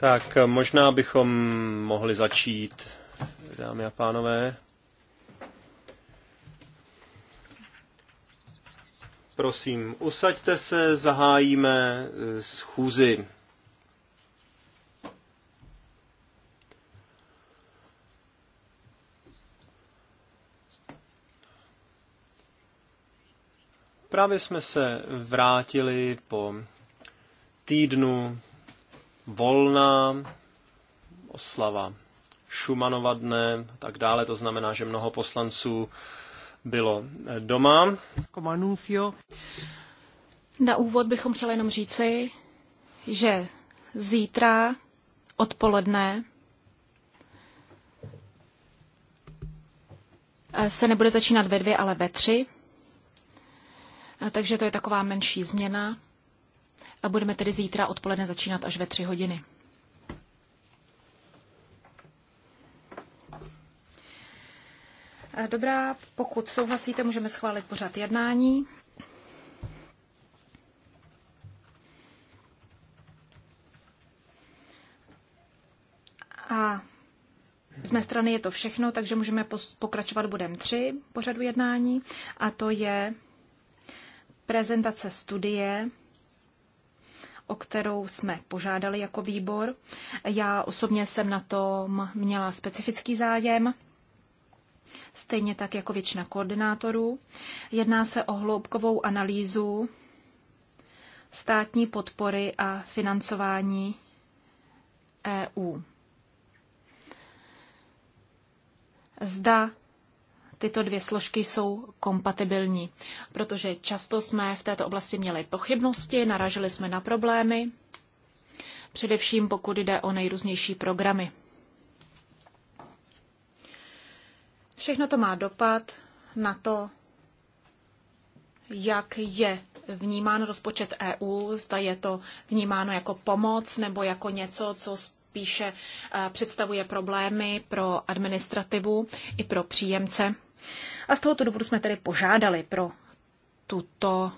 Tak možná bychom mohli začít, dámy a pánové. Prosím, usaďte se, zahájíme eh, schůzi. Právě jsme se vrátili po týdnu volná oslava Šumanova dne a tak dále. To znamená, že mnoho poslanců bylo eh, doma. Jako Na úvod bychom chtěli jenom říci, že zítra odpoledne eh, se nebude začínat ve dvě, ale ve tři. Takže to je taková menší změna. A budeme tedy zítra odpoledne začínat až ve tři hodiny. Eh, dobrá, pokud souhlasíte, můžeme schválit pořad jednání. A z mé strany je to všechno, takže můžeme pokračovat bodem 3 pořadu jednání, a to je prezentace studie, o kterou jsme požádali jako výbor. Já osobně jsem na tom měla specifický zájem, stejně tak jako většina koordinátorů. Jedná se o hloubkovou analýzu státní podpory a financování EU. Zda tyto dvě složky jsou kompatibilní, protože často jsme v této oblasti měli pochybnosti, naražili jsme na problémy, především pokud jde o nejrůznější programy. Všechno to má dopad na to, jak je vnímán rozpočet EU, zda je to vnímáno jako pomoc nebo jako něco, co spíše eh, představuje problémy pro administrativu i pro příjemce. A z tohoto důvodu jsme tedy požádali pro tuto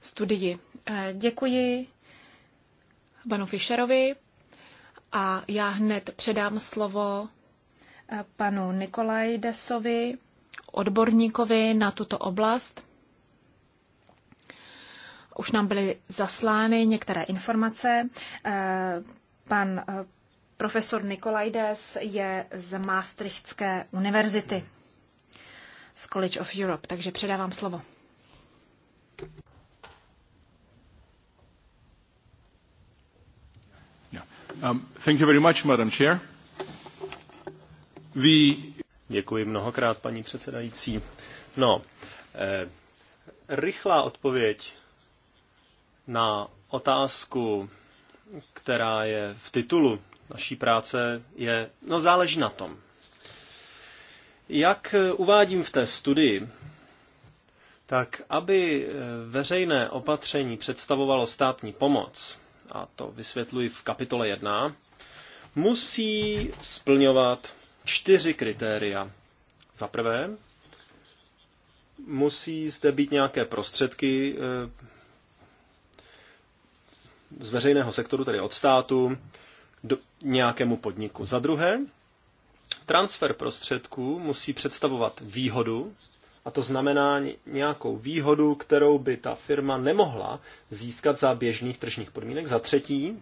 studii. Eh, děkuji panu Fischerovi a já hned předám slovo eh, panu Nikolajdesovi, odborníkovi na tuto oblast. Už nám byly zaslány některé informace. Eh, pan eh, profesor Nikolajdes je z Maastrichtské univerzity z College of Europe, takže předávám slovo. Um, thank you very much, Madam Chair. The... Děkuji mnohokrát, paní předsedající. No, eh, rychlá odpověď na otázku, která je v titulu naší práce, je, no záleží na tom. Jak uvádím v té studii, tak aby eh, veřejné opatření představovalo státní pomoc, a to vysvětluji v kapitole 1, musí splňovat čtyři kritéria. Za prvé, musí zde být nějaké prostředky eh, z veřejného sektoru, tedy od státu, do nějakému podniku. Za druhé, transfer prostředků musí představovat výhodu, a to znamená nějakou výhodu, kterou by ta firma nemohla získat za běžných tržních podmínek. Za třetí,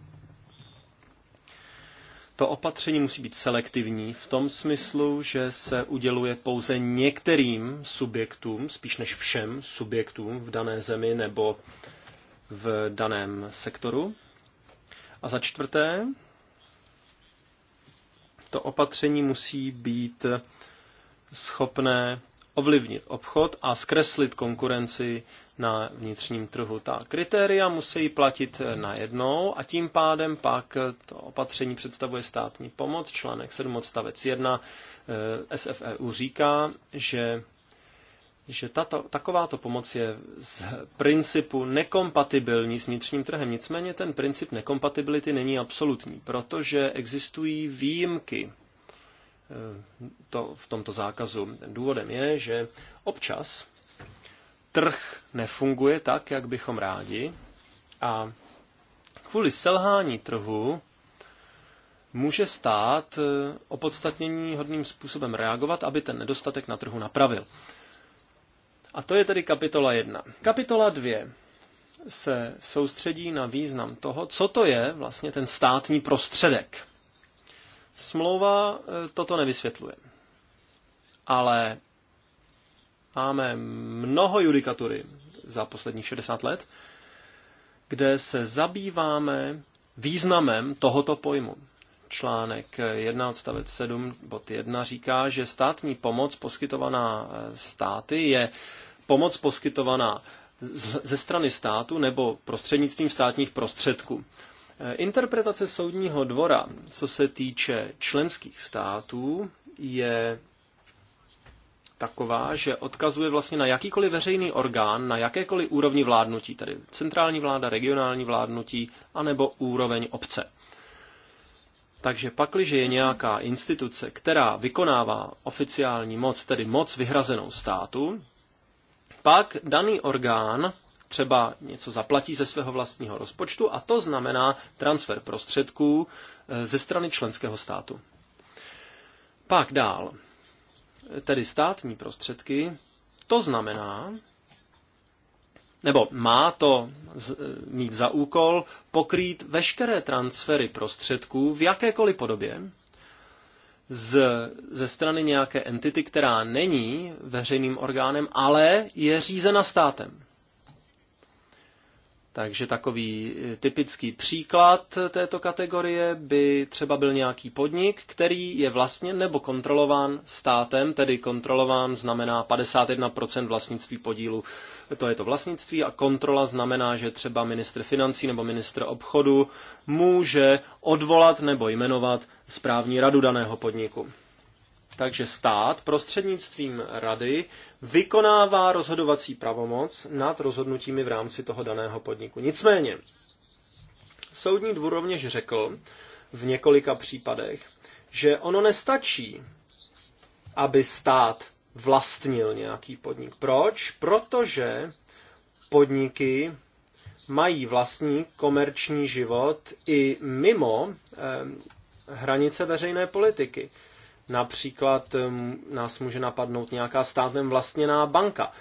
to opatření musí být selektivní v tom smyslu, že se uděluje pouze některým subjektům, spíš než všem subjektům v dané zemi nebo v daném sektoru. A za čtvrté, to opatření musí být schopné ovlivnit obchod a zkreslit konkurenci na vnitřním trhu. Ta kritéria musí platit najednou a tím pádem pak to opatření představuje státní pomoc. Článek 7 odstavec 1 eh, SFEU říká, že že tato, takováto pomoc je z principu nekompatibilní s vnitřním trhem. Nicméně ten princip nekompatibility není absolutní, protože existují výjimky eh, to, v tomto zákazu. Důvodem je, že občas trh nefunguje tak, jak bychom rádi a kvůli selhání trhu může stát eh, opodstatnění hodným způsobem reagovat, aby ten nedostatek na trhu napravil. A to je tedy kapitola 1. Kapitola 2 se soustředí na význam toho, co to je vlastně ten státní prostředek. Smlouva e, toto nevysvětluje. Ale máme mnoho judikatury za posledních 60 let, kde se zabýváme významem tohoto pojmu. Článek 1 odstavec 7 bod 1 říká, že státní pomoc poskytovaná eh, státy je pomoc poskytovaná ze strany státu nebo prostřednictvím státních prostředků. Eh, interpretace soudního dvora, co se týče členských států, je taková, že odkazuje vlastně na jakýkoliv veřejný orgán, na jakékoliv úrovni vládnutí, tedy centrální vláda, regionální vládnutí, anebo úroveň obce. Takže pakliže je nějaká instituce, která vykonává oficiální moc, tedy moc vyhrazenou státu, pak daný orgán třeba něco zaplatí ze svého vlastního rozpočtu a to znamená transfer prostředků eh, ze strany členského státu. Pak dál, tedy státní prostředky, to znamená, nebo má to e, mít za úkol pokrýt veškeré transfery prostředků v jakékoliv podobě z, ze strany nějaké entity, která není veřejným orgánem, ale je řízena státem. Takže takový eh, typický příklad této kategorie by třeba byl nějaký podnik, který je vlastně nebo kontrolován státem, tedy kontrolován znamená 51% vlastnictví podílu. To je to vlastnictví a kontrola znamená, že třeba ministr financí nebo ministr obchodu může odvolat nebo jmenovat správní radu daného podniku. Takže stát prostřednictvím rady vykonává rozhodovací pravomoc nad rozhodnutími v rámci toho daného podniku. Nicméně, soudní dvůr rovněž řekl v několika případech, že ono nestačí, aby stát vlastnil nějaký podnik. Proč? Protože podniky mají vlastní komerční život i mimo eh, hranice veřejné politiky. Například nás může napadnout nějaká státem vlastněná banka.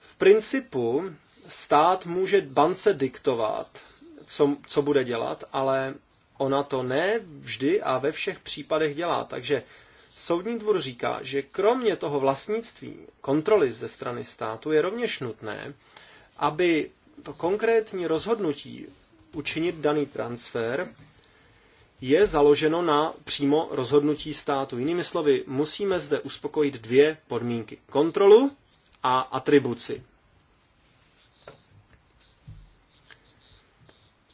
V principu stát může bance diktovat, co, co bude dělat, ale ona to ne vždy a ve všech případech dělá. Takže Soudní dvůr říká, že kromě toho vlastnictví, kontroly ze strany státu je rovněž nutné, aby to konkrétní rozhodnutí učinit daný transfer je založeno na přímo rozhodnutí státu. Jinými slovy, musíme zde uspokojit dvě podmínky. Kontrolu a atribuci.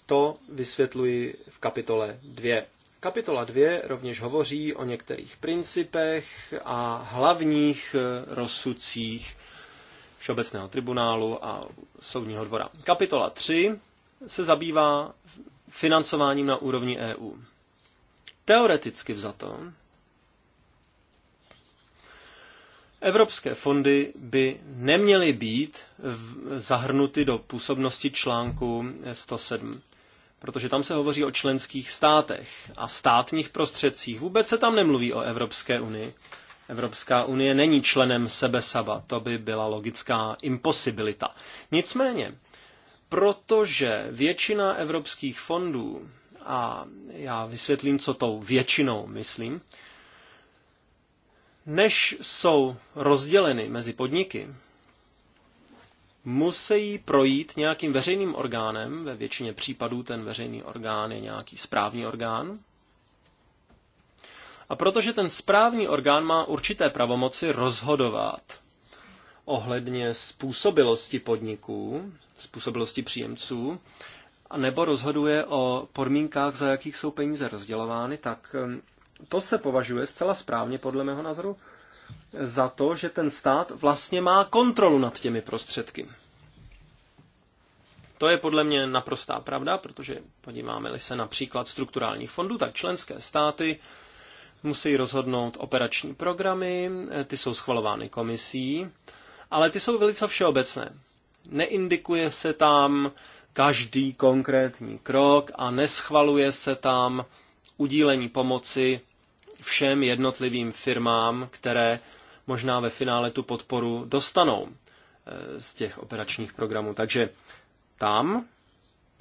To vysvětluji v kapitole 2. Kapitola 2 rovněž hovoří o některých principech a hlavních eh, rozsudcích Všeobecného tribunálu a soudního dvora. Kapitola 3 se zabývá financováním na úrovni EU. Teoreticky vzato, Evropské fondy by neměly být zahrnuty do působnosti článku 107, protože tam se hovoří o členských státech a státních prostředcích. Vůbec se tam nemluví o Evropské unii. Evropská unie není členem sebe saba, to by byla logická imposibilita. Nicméně, protože většina evropských fondů a já vysvětlím, co tou většinou myslím, než jsou rozděleny mezi podniky, musí projít nějakým veřejným orgánem, ve většině případů ten veřejný orgán je nějaký správní orgán. A protože ten správní orgán má určité pravomoci rozhodovat ohledně způsobilosti podniků, způsobilosti příjemců, nebo rozhoduje o podmínkách, za jakých jsou peníze rozdělovány, tak um, to se považuje zcela správně, podle mého názoru, za to, že ten stát vlastně má kontrolu nad těmi prostředky. To je podle mě naprostá pravda, protože podíváme-li se například strukturálních fondů, tak členské státy musí rozhodnout operační programy, eh, ty jsou schvalovány komisí, ale ty jsou velice všeobecné. Neindikuje se tam, každý konkrétní krok a neschvaluje se tam udílení pomoci všem jednotlivým firmám, které možná ve finále tu podporu dostanou eh, z těch operačních programů. Takže tam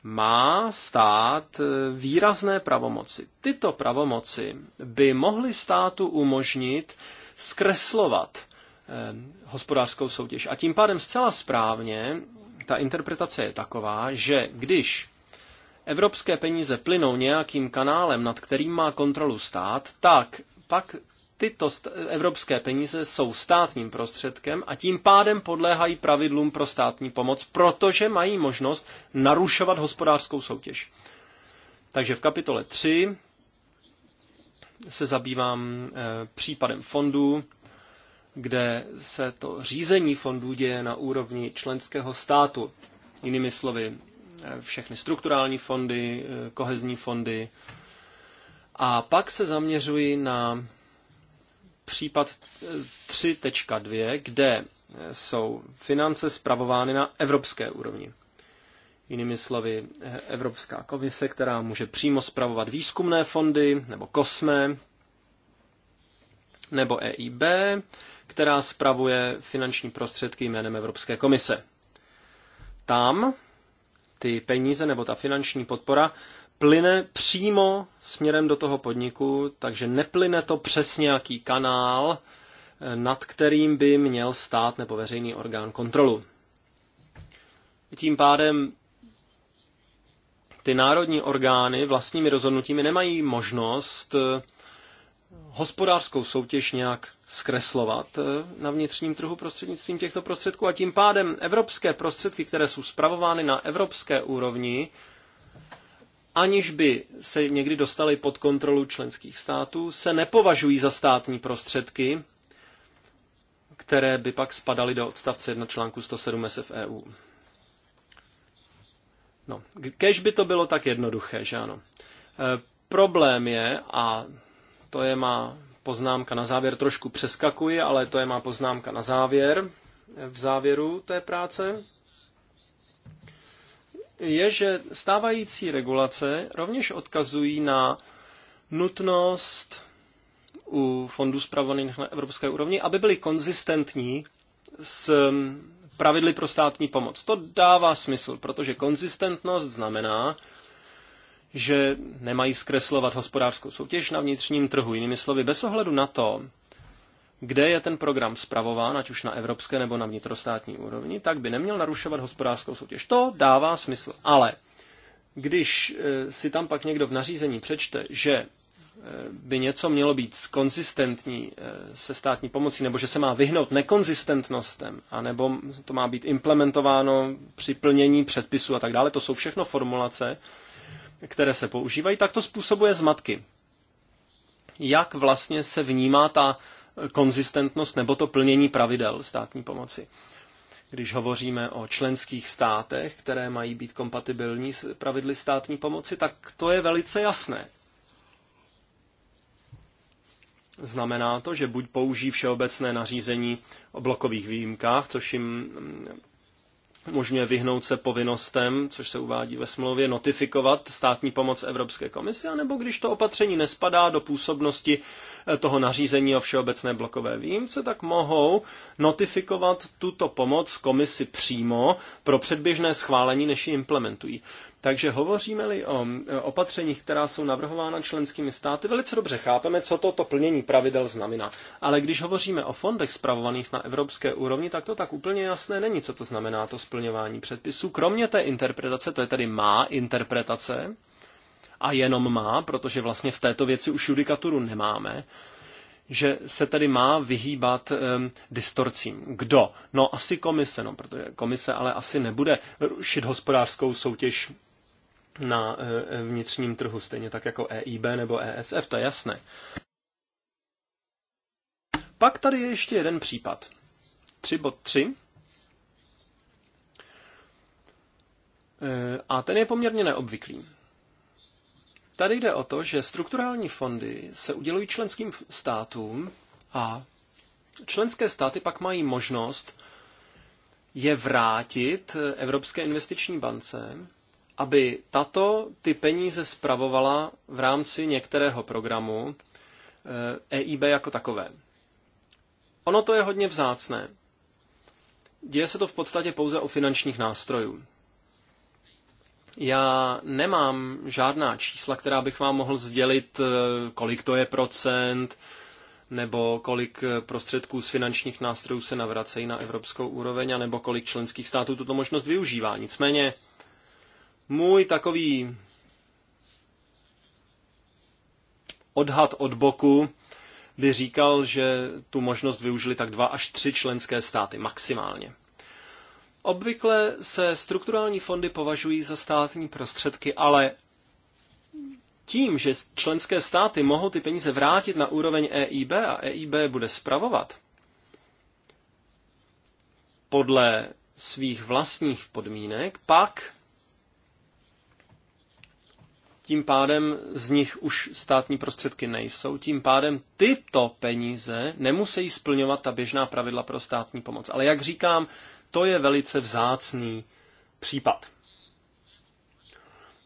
má stát eh, výrazné pravomoci. Tyto pravomoci by mohly státu umožnit zkreslovat eh, hospodářskou soutěž. A tím pádem zcela správně ta interpretace je taková, že když evropské peníze plynou nějakým kanálem, nad kterým má kontrolu stát, tak pak tyto evropské peníze jsou státním prostředkem a tím pádem podléhají pravidlům pro státní pomoc, protože mají možnost narušovat hospodářskou soutěž. Takže v kapitole 3 se zabývám e, případem fondů kde se to řízení fondů děje na úrovni členského státu. Jinými slovy, všechny strukturální fondy, kohezní fondy. A pak se zaměřuji na případ 3.2, kde jsou finance spravovány na evropské úrovni. Jinými slovy, Evropská komise, která může přímo spravovat výzkumné fondy nebo COSME, nebo EIB, která spravuje finanční prostředky jménem Evropské komise. Tam ty peníze nebo ta finanční podpora plyne přímo směrem do toho podniku, takže neplyne to přes nějaký kanál, nad kterým by měl stát nebo veřejný orgán kontrolu. Tím pádem ty národní orgány vlastními rozhodnutími nemají možnost hospodářskou soutěž nějak zkreslovat eh, na vnitřním trhu prostřednictvím těchto prostředků a tím pádem evropské prostředky, které jsou spravovány na evropské úrovni, aniž by se někdy dostaly pod kontrolu členských států, se nepovažují za státní prostředky, které by pak spadaly do odstavce 1 článku 107 SF EU. No, kež by to bylo tak jednoduché, že ano. E, problém je, a to je má poznámka na závěr. Trošku přeskakuji, ale to je má poznámka na závěr. V závěru té práce je, že stávající regulace rovněž odkazují na nutnost u fondů zpravovaných na evropské úrovni, aby byly konzistentní s mm, pravidly pro státní pomoc. To dává smysl, protože konzistentnost znamená, že nemají zkreslovat hospodářskou soutěž na vnitřním trhu. Jinými slovy, bez ohledu na to, kde je ten program spravován, ať už na evropské nebo na vnitrostátní úrovni, tak by neměl narušovat hospodářskou soutěž. To dává smysl. Ale když e, si tam pak někdo v nařízení přečte, že e, by něco mělo být konzistentní e, se státní pomocí, nebo že se má vyhnout nekonzistentnostem, anebo to má být implementováno při plnění předpisu a tak dále, to jsou všechno formulace, které se používají, tak to způsobuje zmatky. Jak vlastně se vnímá ta konzistentnost nebo to plnění pravidel státní pomoci? Když hovoříme o členských státech, které mají být kompatibilní s pravidly státní pomoci, tak to je velice jasné. Znamená to, že buď použijí všeobecné nařízení o blokových výjimkách, což jim umožňuje vyhnout se povinnostem, což se uvádí ve smlouvě, notifikovat státní pomoc Evropské komisi, anebo když to opatření nespadá do působnosti toho nařízení o všeobecné blokové výjimce, tak mohou notifikovat tuto pomoc komisi přímo pro předběžné schválení, než ji implementují. Takže hovoříme-li o e, opatřeních, která jsou navrhována členskými státy, velice dobře chápeme, co toto plnění pravidel znamená. Ale když hovoříme o fondech spravovaných na evropské úrovni, tak to tak úplně jasné není, co to znamená to splňování předpisů. Kromě té interpretace, to je tedy má interpretace, a jenom má, protože vlastně v této věci už judikaturu nemáme, že se tedy má vyhýbat um, distorcím. Kdo? No asi komise, no, protože komise ale asi nebude rušit hospodářskou soutěž na uh, vnitřním trhu, stejně tak jako EIB nebo ESF, to je jasné. Pak tady je ještě jeden případ. 3 bod 3. E, a ten je poměrně neobvyklý. Tady jde o to, že strukturální fondy se udělují členským státům a členské státy pak mají možnost je vrátit Evropské investiční bance, aby tato ty peníze spravovala v rámci některého programu EIB eh, e jako takové. Ono to je hodně vzácné. Děje se to v podstatě pouze u finančních nástrojů. Já nemám žádná čísla, která bych vám mohl sdělit, eh, kolik to je procent, nebo kolik eh, prostředků z finančních nástrojů se navracejí na evropskou úroveň, a nebo kolik členských států tuto možnost využívá. Nicméně můj takový odhad od boku by říkal, že tu možnost využili tak dva až tři členské státy maximálně. Obvykle se strukturální fondy považují za státní prostředky, ale tím, že členské státy mohou ty peníze vrátit na úroveň EIB a EIB bude spravovat podle svých vlastních podmínek, pak tím pádem z nich už státní prostředky nejsou, tím pádem tyto peníze nemusí splňovat ta běžná pravidla pro státní pomoc. Ale jak říkám, to je velice vzácný případ.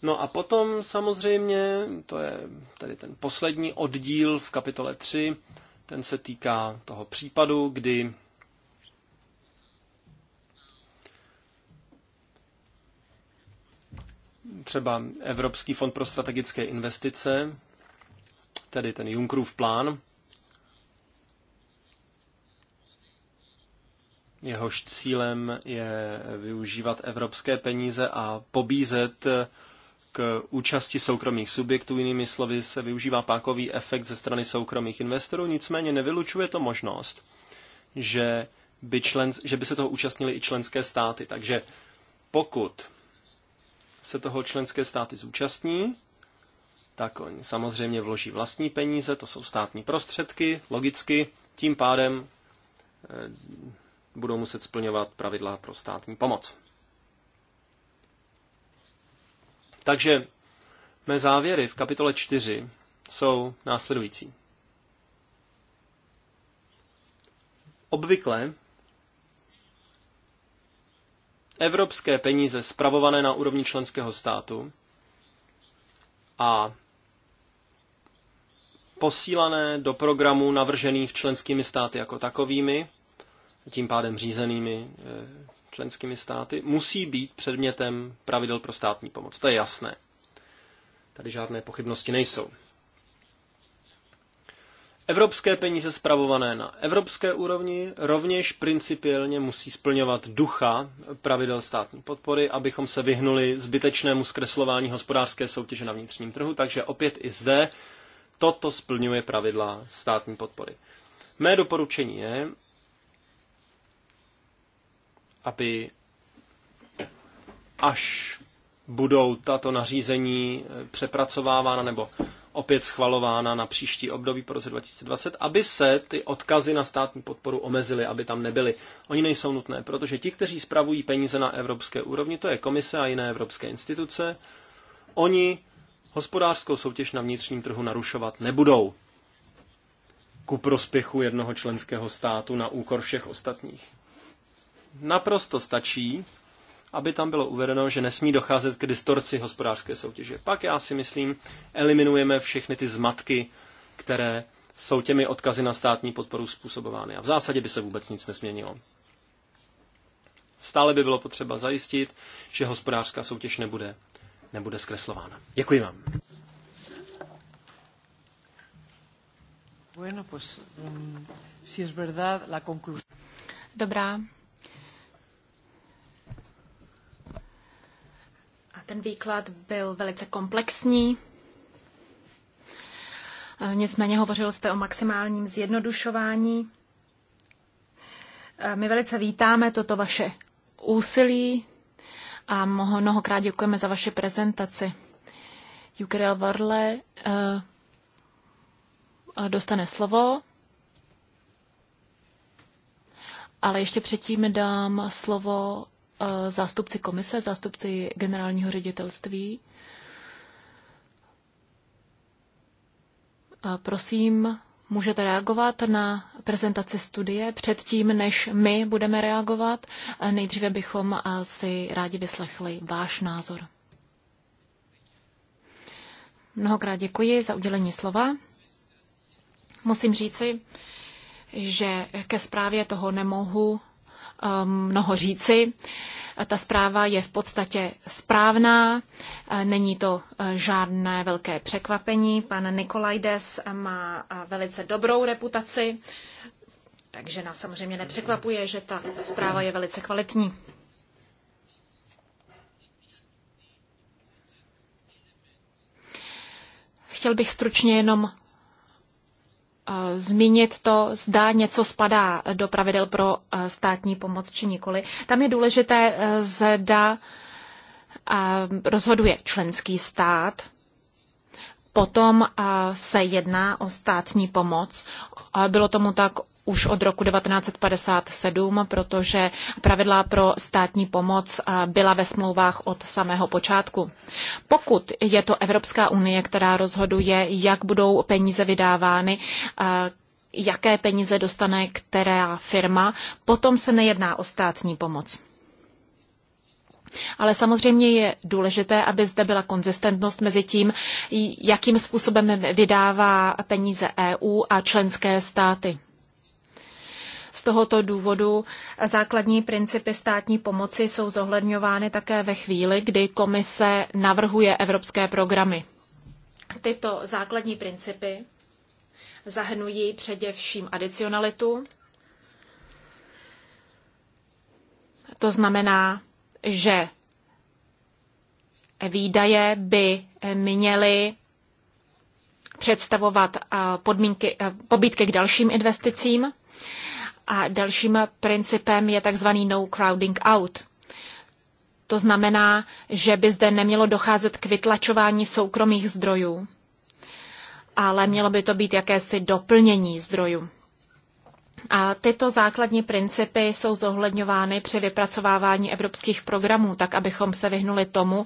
No a potom samozřejmě, to je tady ten poslední oddíl v kapitole 3, ten se týká toho případu, kdy třeba Evropský fond pro strategické investice, tedy ten Junckerův plán, jehož cílem je využívat evropské peníze a pobízet k účasti soukromých subjektů. Jinými slovy se využívá pákový efekt ze strany soukromých investorů, nicméně nevylučuje to možnost, že by, člen, že by se toho účastnili i členské státy. Takže pokud se toho členské státy zúčastní, tak oni samozřejmě vloží vlastní peníze, to jsou státní prostředky, logicky, tím pádem eh, budou muset splňovat pravidla pro státní pomoc. Takže mé závěry v kapitole 4 jsou následující. Obvykle evropské peníze spravované na úrovni členského státu a posílané do programů navržených členskými státy jako takovými tím pádem řízenými eh, členskými státy, musí být předmětem pravidel pro státní pomoc. To je jasné. Tady žádné pochybnosti nejsou. Evropské peníze spravované na evropské úrovni rovněž principiálně musí splňovat ducha pravidel státní podpory, abychom se vyhnuli zbytečnému zkreslování hospodářské soutěže na vnitřním trhu, takže opět i zde toto splňuje pravidla státní podpory. Mé doporučení je, aby až budou tato nařízení eh, přepracovávána nebo opět schvalována na příští období po roce 2020, aby se ty odkazy na státní podporu omezily, aby tam nebyly. Oni nejsou nutné, protože ti, kteří spravují peníze na evropské úrovni, to je komise a jiné evropské instituce, oni hospodářskou soutěž na vnitřním trhu narušovat nebudou ku prospěchu jednoho členského státu na úkor všech ostatních naprosto stačí, aby tam bylo uvedeno, že nesmí docházet k distorci hospodářské soutěže. Pak já si myslím, eliminujeme všechny ty zmatky, které jsou těmi odkazy na státní podporu způsobovány. A v zásadě by se vůbec nic nesměnilo. Stále by bylo potřeba zajistit, že hospodářská soutěž nebude, nebude zkreslována. Děkuji vám. Mm, Dobrá, Ten výklad byl velice komplexní. Eh, nicméně hovořil jste o maximálním zjednodušování. Eh, my velice vítáme toto vaše úsilí a mnohokrát děkujeme za vaši prezentaci. Jukerel Varle eh, dostane slovo. Ale ještě předtím dám slovo zástupci komise, zástupci generálního ředitelství. Prosím, můžete reagovat na prezentaci studie předtím, než my budeme reagovat. Nejdříve bychom si rádi vyslechli váš názor. Mnohokrát děkuji za udělení slova. Musím říci, že ke zprávě toho nemohu Um, mnoho říci. Ta zpráva je v podstatě správná, eh, není to eh, žádné velké překvapení. Pan Nikolajdes má eh, velice dobrou reputaci, takže nás samozřejmě nepřekvapuje, že ta zpráva je velice kvalitní. Chtěl bych stručně jenom Eh, zmínit to, zda něco spadá do pravidel pro eh, státní pomoc či nikoli. Tam je důležité, eh, zda rozhoduje členský stát, potom se jedná o státní pomoc. Bylo tomu tak už od roku 1957, protože pravidla pro státní pomoc byla ve smlouvách od samého počátku. Pokud je to Evropská unie, která rozhoduje, jak budou peníze vydávány, jaké peníze dostane která firma, potom se nejedná o státní pomoc. Ale samozřejmě je důležité, aby zde byla konzistentnost mezi tím, jakým způsobem vydává peníze EU a členské státy. Z tohoto důvodu základní principy státní pomoci jsou zohledňovány také ve chvíli, kdy komise navrhuje evropské programy. Tyto základní principy zahrnují především adicionalitu, to znamená, že výdaje by měly představovat eh, podmínky, eh, pobítky k dalším investicím. A dalším principem je takzvaný no crowding out. To znamená, že by zde nemělo docházet k vytlačování soukromých zdrojů, ale mělo by to být jakési doplnění zdrojů. A tyto základní principy jsou zohledňovány při vypracovávání evropských programů, tak abychom se vyhnuli tomu,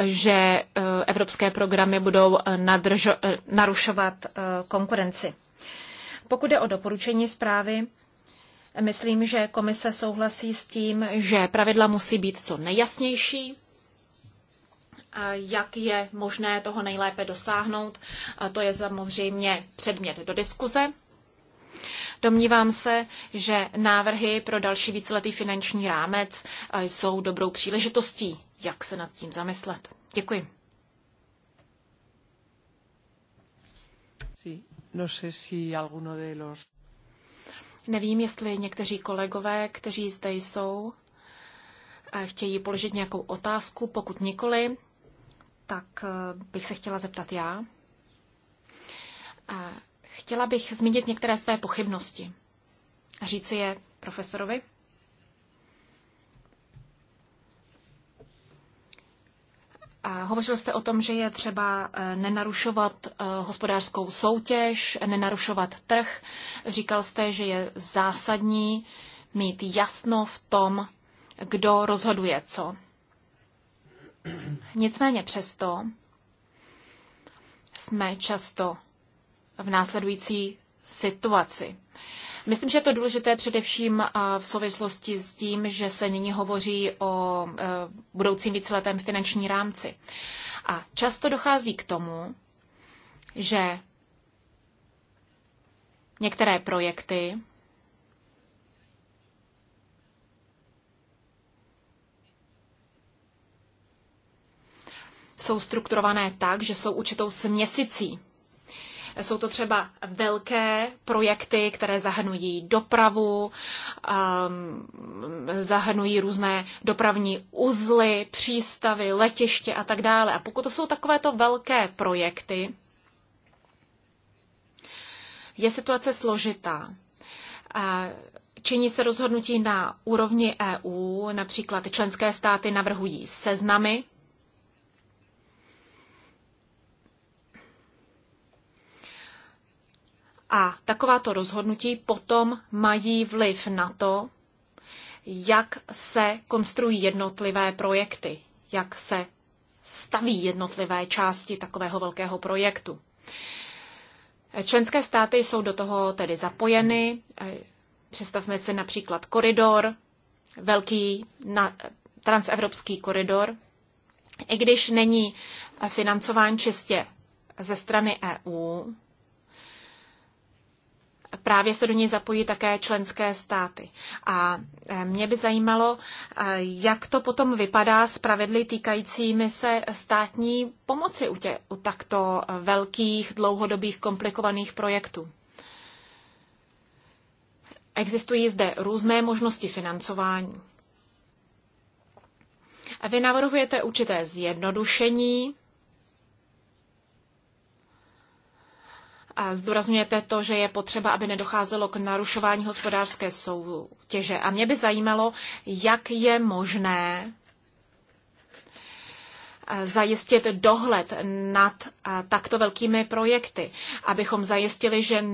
že e, evropské programy budou e, nadržo- e, narušovat konkurenci. Pokud je o doporučení zprávy, Myslím, že komise souhlasí s tím, že pravidla musí být co nejjasnější, jak je možné toho nejlépe dosáhnout. A to je samozřejmě předmět do diskuze. Domnívám se, že návrhy pro další víceletý finanční rámec jsou dobrou příležitostí, jak se nad tím zamyslet. Děkuji. Sí. No sé si alguno de los... Nevím, jestli někteří kolegové, kteří zde jsou, eh, chtějí položit nějakou otázku. Pokud nikoli, tak eh, bych se chtěla zeptat já. Eh, chtěla bych zmínit některé své pochybnosti a říci je profesorovi. A hovořil jste o tom, že je třeba eh, nenarušovat eh, hospodářskou soutěž, nenarušovat trh. Říkal jste, že je zásadní mít jasno v tom, kdo rozhoduje co. Nicméně přesto jsme často v následující situaci. Myslím, že je to důležité především v souvislosti s tím, že se nyní hovoří o e, budoucím víceletém finanční rámci. A často dochází k tomu, že některé projekty jsou strukturované tak, že jsou určitou směsicí jsou to třeba velké projekty, které zahrnují dopravu, um, zahrnují různé dopravní uzly, přístavy, letiště a tak dále. A pokud to jsou takovéto velké projekty, je situace složitá. Činí se rozhodnutí na úrovni EU, například členské státy navrhují seznamy A takováto rozhodnutí potom mají vliv na to, jak se konstruují jednotlivé projekty, jak se staví jednotlivé části takového velkého projektu. Členské státy jsou do toho tedy zapojeny. Představme si například koridor, velký na, transevropský koridor. I když není financován čistě ze strany EU, právě se do něj zapojí také členské státy. A eh, mě by zajímalo, eh, jak to potom vypadá s pravidly týkajícími se státní pomoci u, tě, u takto eh, velkých, dlouhodobých, komplikovaných projektů. Existují zde různé možnosti financování. Vy navrhujete určité zjednodušení Zdůrazňujete to, že je potřeba, aby nedocházelo k narušování hospodářské soutěže. A mě by zajímalo, jak je možné eh, zajistit dohled nad eh, takto velkými projekty, abychom zajistili, že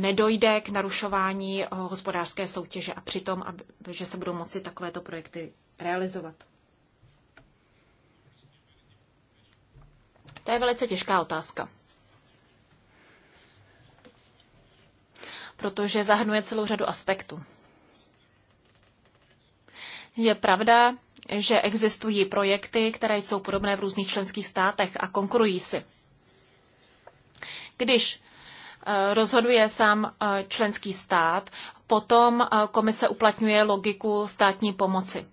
nedojde k narušování eh, hospodářské soutěže a přitom, aby, že se budou moci takovéto projekty realizovat. To je velice těžká otázka. protože zahrnuje celou řadu aspektů. Je pravda, že existují projekty, které jsou podobné v různých členských státech a konkurují si. Když eh, rozhoduje sám eh, členský stát, potom eh, komise uplatňuje logiku státní pomoci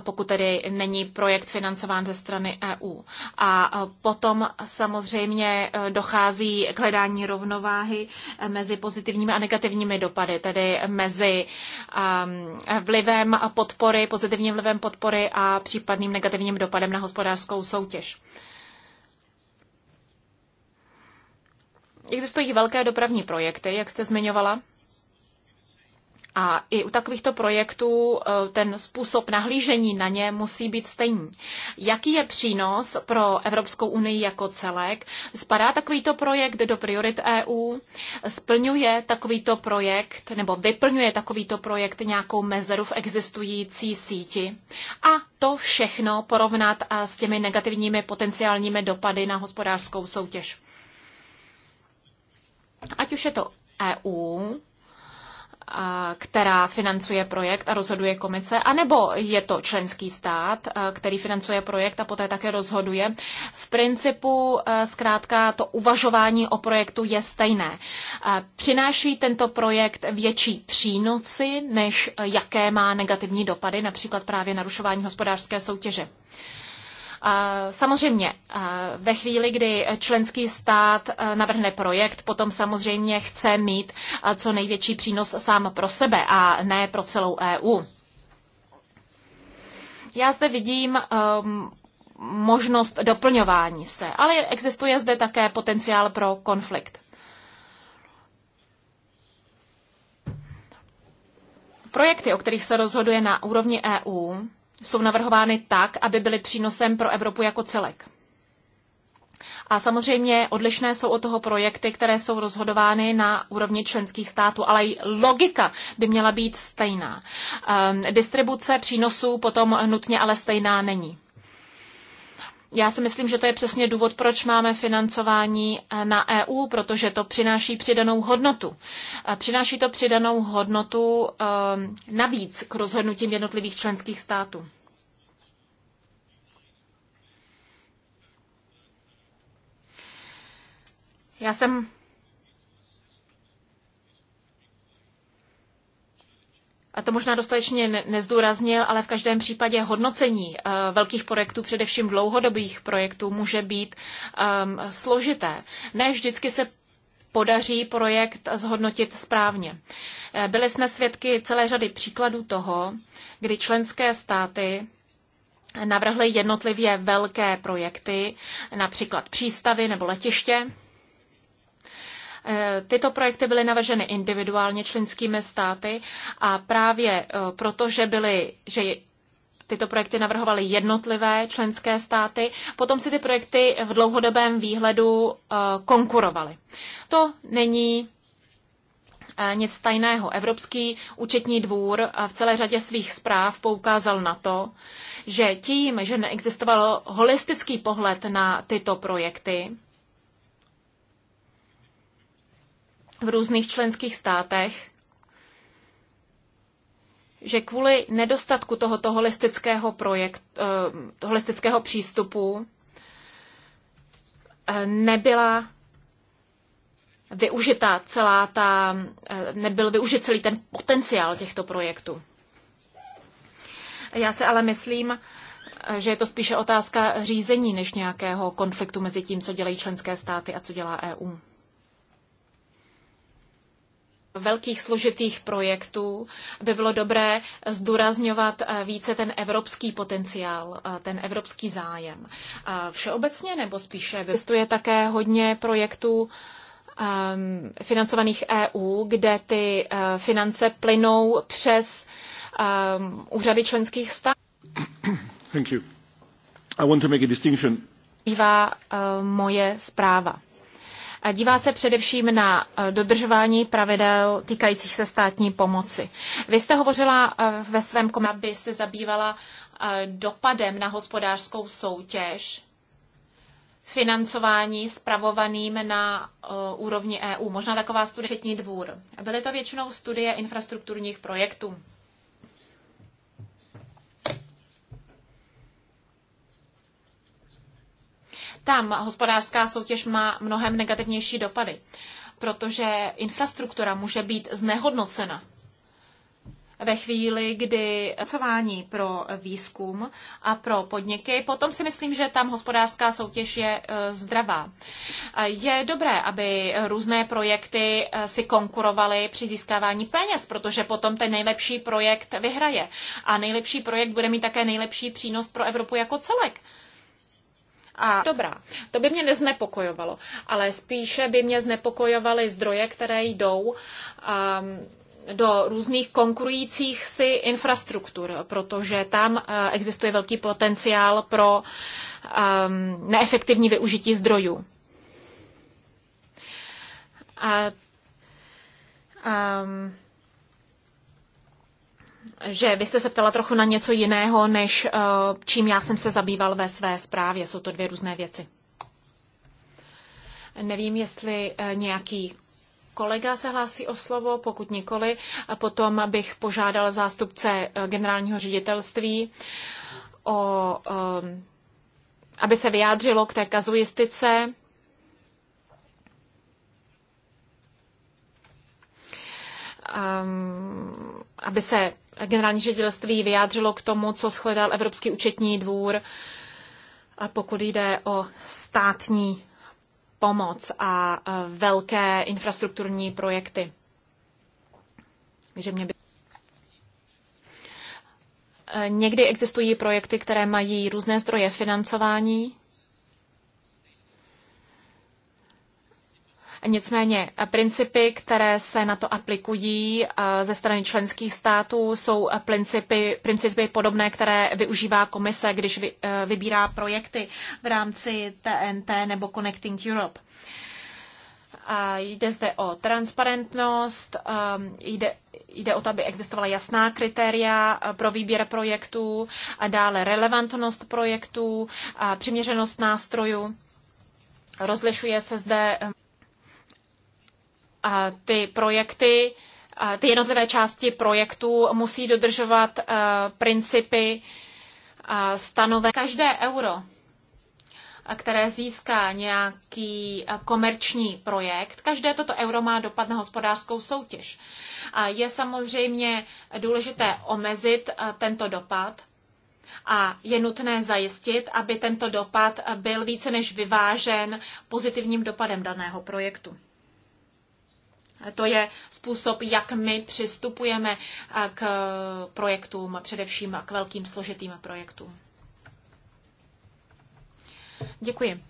pokud tedy není projekt financován ze strany EU. A e, potom samozřejmě e, dochází k hledání rovnováhy e, mezi pozitivními a negativními dopady, tedy mezi ehm, vlivem podpory, pozitivním vlivem podpory a případným negativním dopadem na hospodářskou soutěž. Existují velké dopravní projekty, jak jste zmiňovala, a i u takovýchto projektů eh, ten způsob nahlížení na ně musí být stejný. Jaký je přínos pro Evropskou unii jako celek? Spadá takovýto projekt do priorit EU? Splňuje takovýto projekt nebo vyplňuje takovýto projekt nějakou mezeru v existující síti? A to všechno porovnat eh, s těmi negativními potenciálními dopady na hospodářskou soutěž. Ať už je to EU, která financuje projekt a rozhoduje komise, anebo je to členský stát, který financuje projekt a poté také rozhoduje. V principu zkrátka to uvažování o projektu je stejné. Přináší tento projekt větší přínosy, než jaké má negativní dopady, například právě narušování hospodářské soutěže. Samozřejmě, eh, ve chvíli, kdy členský stát eh, navrhne projekt, potom samozřejmě chce mít eh, co největší přínos sám pro sebe a ne pro celou EU. Já zde vidím ehm, možnost doplňování se, ale existuje zde také potenciál pro konflikt. Projekty, o kterých se rozhoduje na úrovni EU, jsou navrhovány tak, aby byly přínosem pro Evropu jako celek. A samozřejmě odlišné jsou od toho projekty, které jsou rozhodovány na úrovni členských států, ale i logika by měla být stejná. Um, distribuce přínosů potom nutně ale stejná není já si myslím, že to je přesně důvod, proč máme financování eh, na EU, protože to přináší přidanou hodnotu. Eh, přináší to přidanou hodnotu eh, navíc k rozhodnutím jednotlivých členských států. Já jsem a to možná dostatečně nezdůraznil, ale v každém případě hodnocení eh, velkých projektů, především dlouhodobých projektů, může být um, složité. Ne vždycky se podaří projekt zhodnotit správně. Eh, byli jsme svědky celé řady příkladů toho, kdy členské státy navrhly jednotlivě velké projekty, například přístavy nebo letiště, Eh, tyto projekty byly navrženy individuálně členskými státy a právě eh, proto, že byly, že tyto projekty navrhovaly jednotlivé členské státy, potom si ty projekty v dlouhodobém výhledu eh, konkurovaly. To není nic tajného. Evropský účetní dvůr v celé řadě svých zpráv poukázal na to, že tím, že neexistoval holistický pohled na tyto projekty, v různých členských státech, že kvůli nedostatku tohoto holistického, projekt, uh, holistického přístupu uh, nebyla využita celá ta, uh, nebyl využit celý ten potenciál těchto projektů. Já se ale myslím, že je to spíše otázka řízení než nějakého konfliktu mezi tím, co dělají členské státy a co dělá EU velkých složitých projektů by bylo dobré zdůrazňovat eh, více ten evropský potenciál, eh, ten evropský zájem. Všeobecně nebo spíše existuje také hodně projektů ehm, financovaných EU, kde ty eh, finance plynou přes ehm, úřady členských států. Thank you. I want to make a distinction. Bývá moje zpráva. A Dívá se především na eh, dodržování pravidel týkajících se státní pomoci. Vy jste hovořila eh, ve svém komu, aby se zabývala eh, dopadem na hospodářskou soutěž financování spravovaným na úrovni EU, možná taková studie Četní dvůr. Byly to většinou studie infrastrukturních projektů. Tam hospodářská soutěž má mnohem negativnější dopady, protože infrastruktura může být znehodnocena. Ve chvíli, kdy pracování pro výzkum a pro podniky, potom si myslím, že tam hospodářská soutěž je e, zdravá. Je dobré, aby různé projekty e, si konkurovaly při získávání peněz, protože potom ten nejlepší projekt vyhraje. A nejlepší projekt bude mít také nejlepší přínos pro Evropu jako celek a dobrá. To by mě neznepokojovalo, ale spíše by mě znepokojovaly zdroje, které jdou um, do různých konkurujících si infrastruktur, protože tam uh, existuje velký potenciál pro um, neefektivní využití zdrojů. A, um, že vy jste se ptala trochu na něco jiného, než eh, čím já jsem se zabýval ve své zprávě. Jsou to dvě různé věci. Nevím, jestli eh, nějaký kolega se hlásí o slovo, pokud nikoli, potom bych požádal zástupce eh, generálního ředitelství o, aby se vyjádřilo k té kazuistice. Ehm, aby se generální ředitelství vyjádřilo k tomu, co shledal Evropský účetní dvůr, pokud jde o státní pomoc a e, velké infrastrukturní projekty. Že mě by... E, někdy existují projekty, které mají různé zdroje financování Nicméně eh, principy, které se na to aplikují eh, ze strany členských států, jsou eh, principy, principy podobné, které využívá komise, když vybírá projekty v rámci TNT nebo Connecting Europe. A jde zde o transparentnost, ehm, jde, jde o to, aby existovala jasná kritéria pro výběr projektů, a dále relevantnost projektů, a přiměřenost nástrojů. Rozlišuje se zde ehm, ty projekty, ty jednotlivé části projektu musí dodržovat e, principy e, stanové. Každé euro, které získá nějaký e, komerční projekt, každé toto euro má dopad na hospodářskou soutěž. Je samozřejmě důležité omezit tento dopad a je nutné zajistit, aby tento dopad byl více než vyvážen pozitivním dopadem daného projektu. To je způsob, jak my přistupujeme k projektům, především k velkým složitým projektům. Děkuji.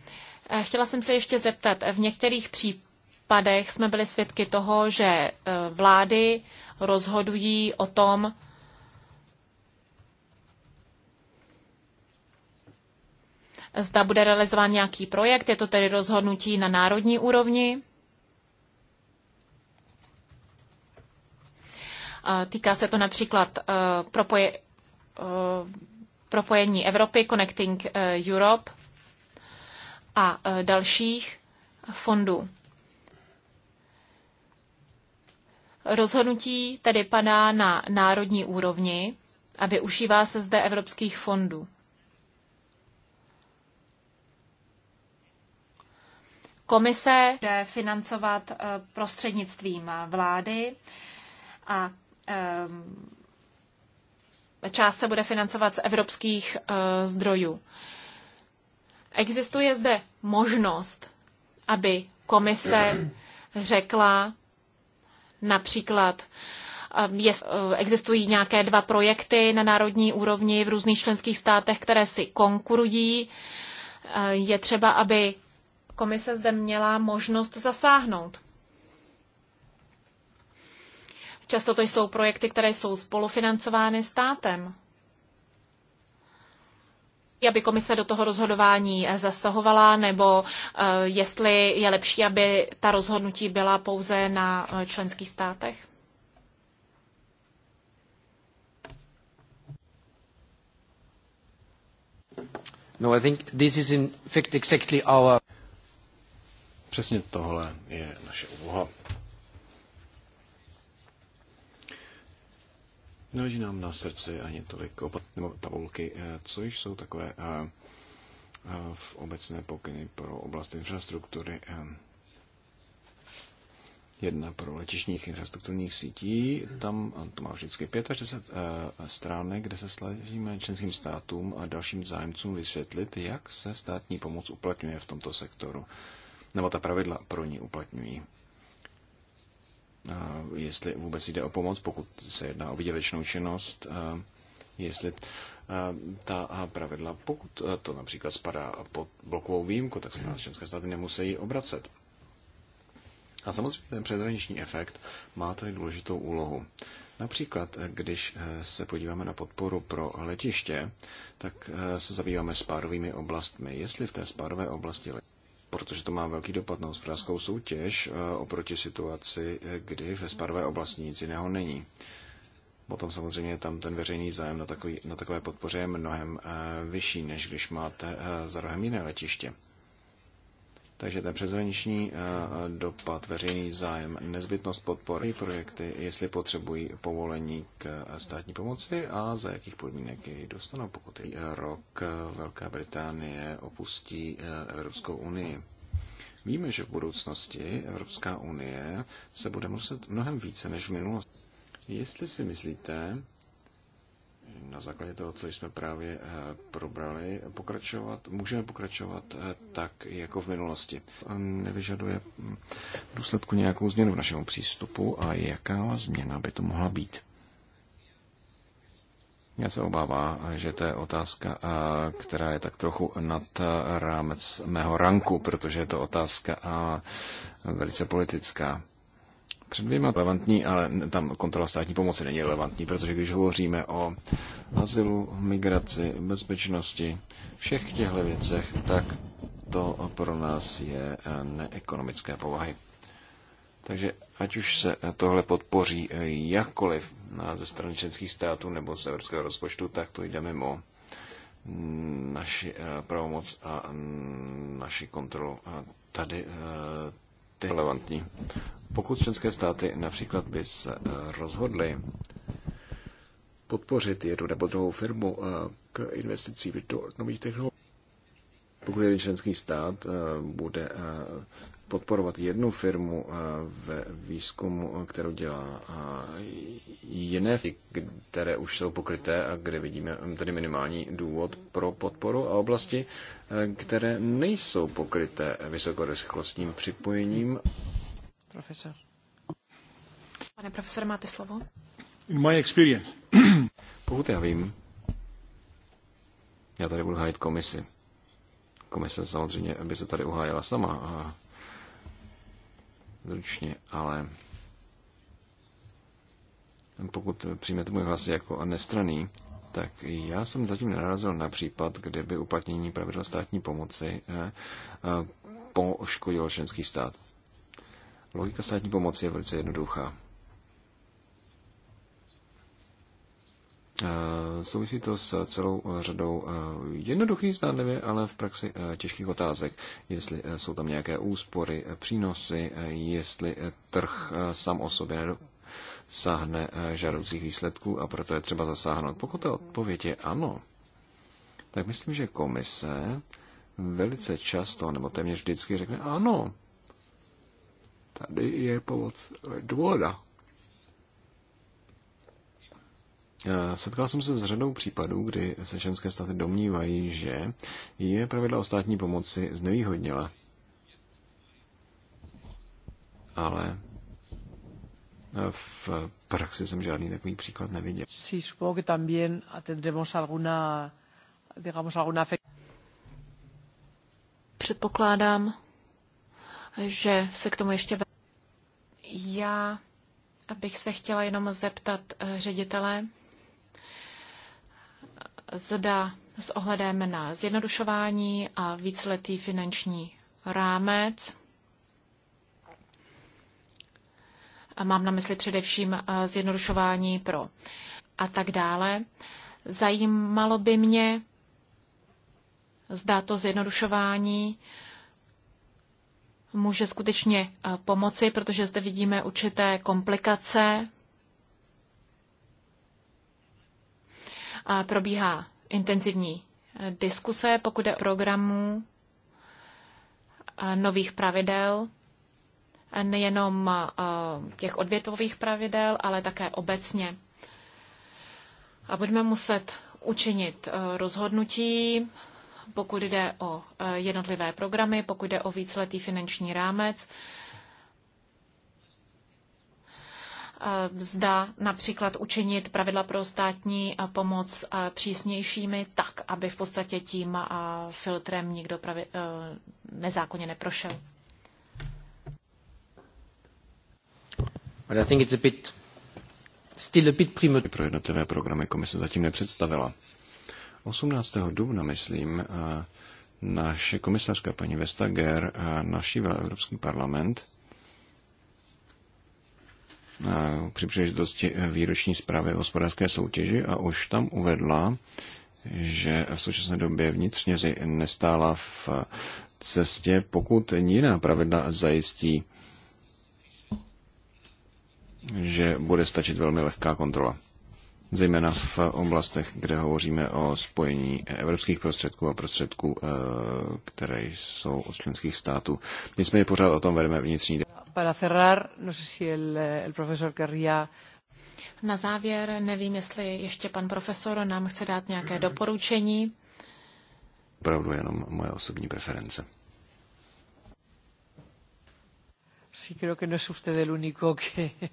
Eh, chtěla jsem se ještě zeptat, eh, v některých případech jsme byli svědky toho, že eh, vlády rozhodují o tom, zda bude realizován nějaký projekt, je to tedy rozhodnutí na národní úrovni. Týká se to například eh, propoje, eh, propojení Evropy, Connecting eh, Europe a dalších fondů. Rozhodnutí tedy padá na národní úrovni a využívá se zde evropských fondů. Komise bude financovat prostřednictvím vlády a Ehm, část se bude financovat z evropských eh, zdrojů. Existuje zde možnost, aby komise řekla například, ehm, eh, existují nějaké dva projekty na národní úrovni v různých členských státech, které si konkurují. Eh, je třeba, aby komise zde měla možnost zasáhnout. Často to jsou projekty, které jsou spolufinancovány státem. Aby komise do toho rozhodování eh, zasahovala, nebo eh, jestli je lepší, aby ta rozhodnutí byla pouze na eh, členských státech? No, I think this is in fact exactly our... Přesně tohle je naše úloha. neleží nám na srdci ani tolik opat, nebo tabulky, eh, co již jsou takové eh, eh, v obecné pokyny pro oblast infrastruktury. Jedna pro letišních infrastrukturních sítí, tam to má vždycky 65 stránek, kde se snažíme členským státům a dalším zájemcům vysvětlit, jak se státní pomoc uplatňuje v tomto sektoru, nebo ta pravidla pro ní uplatňují jestli vůbec jde o pomoc, pokud se jedná o výdělečnou činnost, jestli ta pravidla, pokud to například spadá pod blokovou výjimku, tak se nás členské státy nemusí obracet. A samozřejmě ten přezraniční efekt má tady důležitou úlohu. Například, když se podíváme na podporu pro letiště, tak se zabýváme spárovými oblastmi. Jestli v té spárové oblasti letiště protože to má velký dopad na hospodářskou soutěž eh, oproti situaci, eh, kdy ve spadové oblasti nic jiného není. Potom samozřejmě tam ten veřejný zájem na, takový, na takové podpoře je mnohem eh, vyšší, než když máte za rohem jiné letiště. Takže ten přeshraniční eh, dopad, veřejný zájem, nezbytnost podpory projekty, jestli potřebují povolení k eh, státní pomoci a za jakých podmínek jej dostanou, pokud rok eh, Velká Británie opustí Evropskou unii. Víme, že v budoucnosti Evropská unie se bude muset mnohem více než v minulosti. Jestli si myslíte, na základě toho, co jsme právě eh, probrali, pokračovat, můžeme pokračovat eh, tak jako v minulosti. Nevyžaduje hm, důsledku nějakou změnu v našem přístupu a jaká změna by to mohla být. Já se obávám, že to je otázka, eh, která je tak trochu nad rámec mého ranku, protože je to otázka velice politická před dvěma relevantní, ale tam kontrola státní pomoci není relevantní, protože když hovoříme o azylu, migraci, bezpečnosti, všech těchto věcech, tak to pro nás je eh, neekonomické povahy. Takže ať už se eh, tohle podpoří eh, jakkoliv ze strany členských států nebo z evropského rozpočtu, tak to jde mimo mm, naši pravomoc a mm, naši kontrolu. Tady státy. relevantní. Pokud členské státy například by se eh, rozhodly podpořit jednu nebo druhou firmu eh, k investicím do nových technologií, pokud jeden členský stát eh, bude podporovat jednu firmu eh, ve výzkumu, eh, kterou dělá a jiné, které už jsou pokryté a kde vidíme hm, tedy minimální důvod pro podporu a oblasti, eh, které nejsou pokryté vysokorychlostním připojením. Profesor. Pane profesor, máte slovo? In my experience. Pokud já vím, já tady budu hájit komisi. Komise samozřejmě by se tady uhájila sama. A ručně, ale pokud přijmete můj hlas jako nestraný, tak já jsem zatím narazil na případ, kde by uplatnění pravidel státní pomoci eh, eh, poškodilo členský stát. Logika státní pomoci je velice jednoduchá. Eh, souvisí to s celou eh, řadou eh, jednoduchých zdánlivě, ale v praxi těžkých otázek. Jestli jsou tam nějaké úspory, přínosy, jestli trh sám o sobě sáhne žádoucích výsledků a proto je třeba zasáhnout. Pokud ta odpověď je ano, tak myslím, že komise velice často nebo téměř vždycky řekne ano, tady je povod důvoda. Eh, setkal jsem se s řadou případů, kdy se členské státy domnívají, že je pravidla o státní pomoci znevýhodnila. Ale eh, v praxi jsem žádný takový příklad neviděl. Si supongo también tendremos alguna, digamos, alguna... Předpokládám, že se k tomu ještě... Já bych se chtěla jenom zeptat eh, ředitele, zda s ohledem na zjednodušování a víceletý finanční rámec. A mám na mysli především eh, zjednodušování pro a tak dále. Zajímalo by mě, zda to zjednodušování může skutečně eh, pomoci, protože zde vidíme určité komplikace probíhá intenzivní eh, diskuse, pokud je o programu eh, nových pravidel, eh, nejenom těch odvětových pravidel, ale také obecně. A budeme muset učinit rozhodnutí, pokud jde o jednotlivé programy, pokud jde o víceletý finanční rámec, Eh, zda například učinit pravidla pro státní eh, pomoc eh, přísnějšími tak, aby v podstatě tím filtrem nikdo pravi, nezákonně neprošel. Pro jednotlivé programy komise zatím nepředstavila. 18. dubna, myslím, naše komisařka paní Vestager navštívila Evropský parlament při příležitosti výroční zprávy o hospodářské soutěži a už tam uvedla, že v současné době vnitřně nestála v cestě, pokud jiná pravidla zajistí, že bude stačit velmi lehká kontrola. Zejména v oblastech, kde hovoříme o spojení evropských prostředků a prostředků, eh, které jsou od členských států. Nicméně pořád o tom vedeme vnitřní para cerrar, no sé si el, eh, el profesor querría. Na závěr nevím, jestli ještě pan profesor nám chce dát nějaké mhm. doporučení. Opravdu jenom moje osobní preference. Sí, creo que no es usted el único que...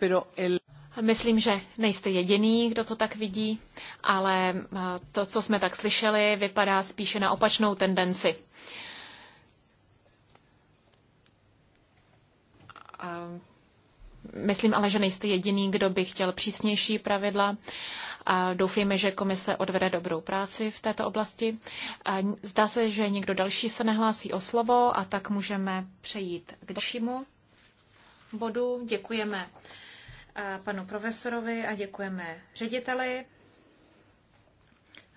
Pero el... Myslím, že nejste jediný, kdo to tak vidí, ale eh, to, co jsme tak slyšeli, vypadá spíše na opačnou tendenci. Myslím ale, že nejste jediný, kdo by chtěl přísnější pravidla. A doufejme, že komise odvede dobrou práci v této oblasti. A zdá se, že někdo další se nehlásí o slovo a tak můžeme přejít k dalšímu bodu. Děkujeme panu profesorovi a děkujeme řediteli,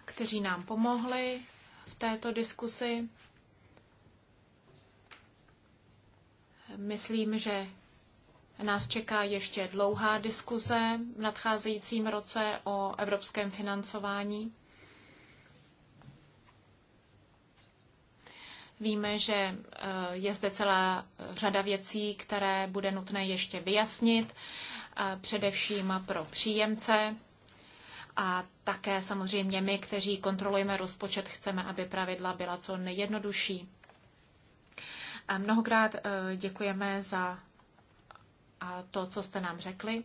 kteří nám pomohli v této diskusi. Myslím, že nás čeká ještě dlouhá diskuze v nadcházejícím roce o evropském financování. Víme, že eh, je zde celá řada věcí, které bude nutné ještě vyjasnit, eh, především pro příjemce. A také samozřejmě my, kteří kontrolujeme rozpočet, chceme, aby pravidla byla co nejjednodušší. Mnohokrát eh, děkujeme za to, co jste nám řekli.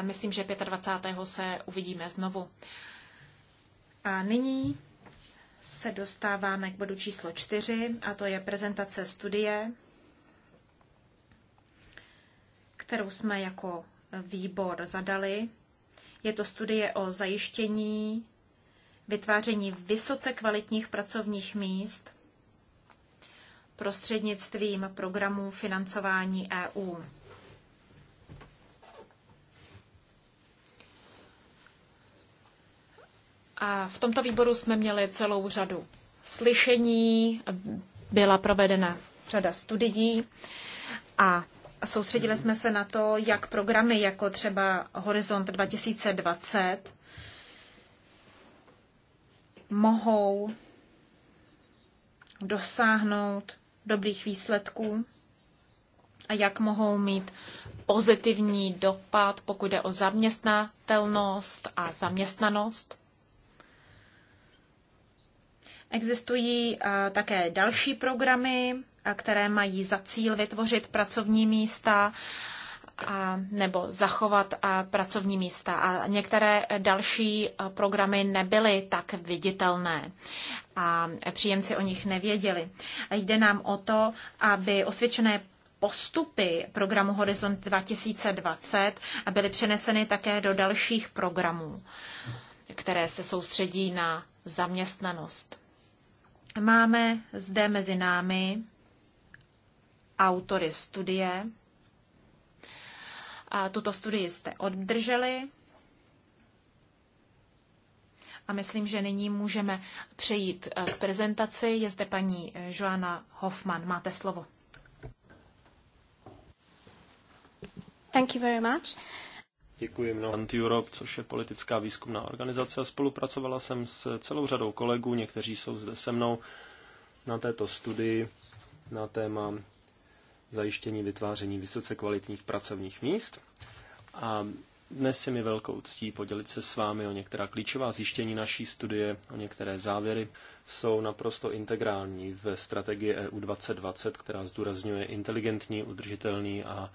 Myslím, že 25. se uvidíme znovu. A nyní se dostáváme k bodu číslo 4, a to je prezentace studie, kterou jsme jako výbor zadali. Je to studie o zajištění vytváření vysoce kvalitních pracovních míst prostřednictvím programů financování EU. A v tomto výboru jsme měli celou řadu slyšení, byla provedena řada studií a soustředili jsme se na to, jak programy jako třeba Horizont 2020 mohou dosáhnout dobrých výsledků a jak mohou mít pozitivní dopad, pokud jde o zaměstnatelnost a zaměstnanost. Existují eh, také další programy, eh, které mají za cíl vytvořit pracovní místa a, nebo zachovat a pracovní místa. A některé další programy nebyly tak viditelné a příjemci o nich nevěděli. A jde nám o to, aby osvědčené postupy programu Horizont 2020 byly přeneseny také do dalších programů, které se soustředí na zaměstnanost. Máme zde mezi námi autory studie, a tuto studii jste obdrželi. A myslím, že nyní můžeme přejít eh, k prezentaci. Je zde paní eh, Joana Hoffman. Máte slovo. Thank you very much. Děkuji mnoho Anti-Europe, což je politická výzkumná organizace spolupracovala jsem s celou řadou kolegů, někteří jsou zde se mnou, na této studii na téma zajištění vytváření vysoce kvalitních pracovních míst. A dnes je mi velkou ctí podělit se s vámi o některá klíčová zjištění naší studie, o některé závěry. Jsou naprosto integrální ve strategii EU 2020, která zdůrazňuje inteligentní, udržitelný a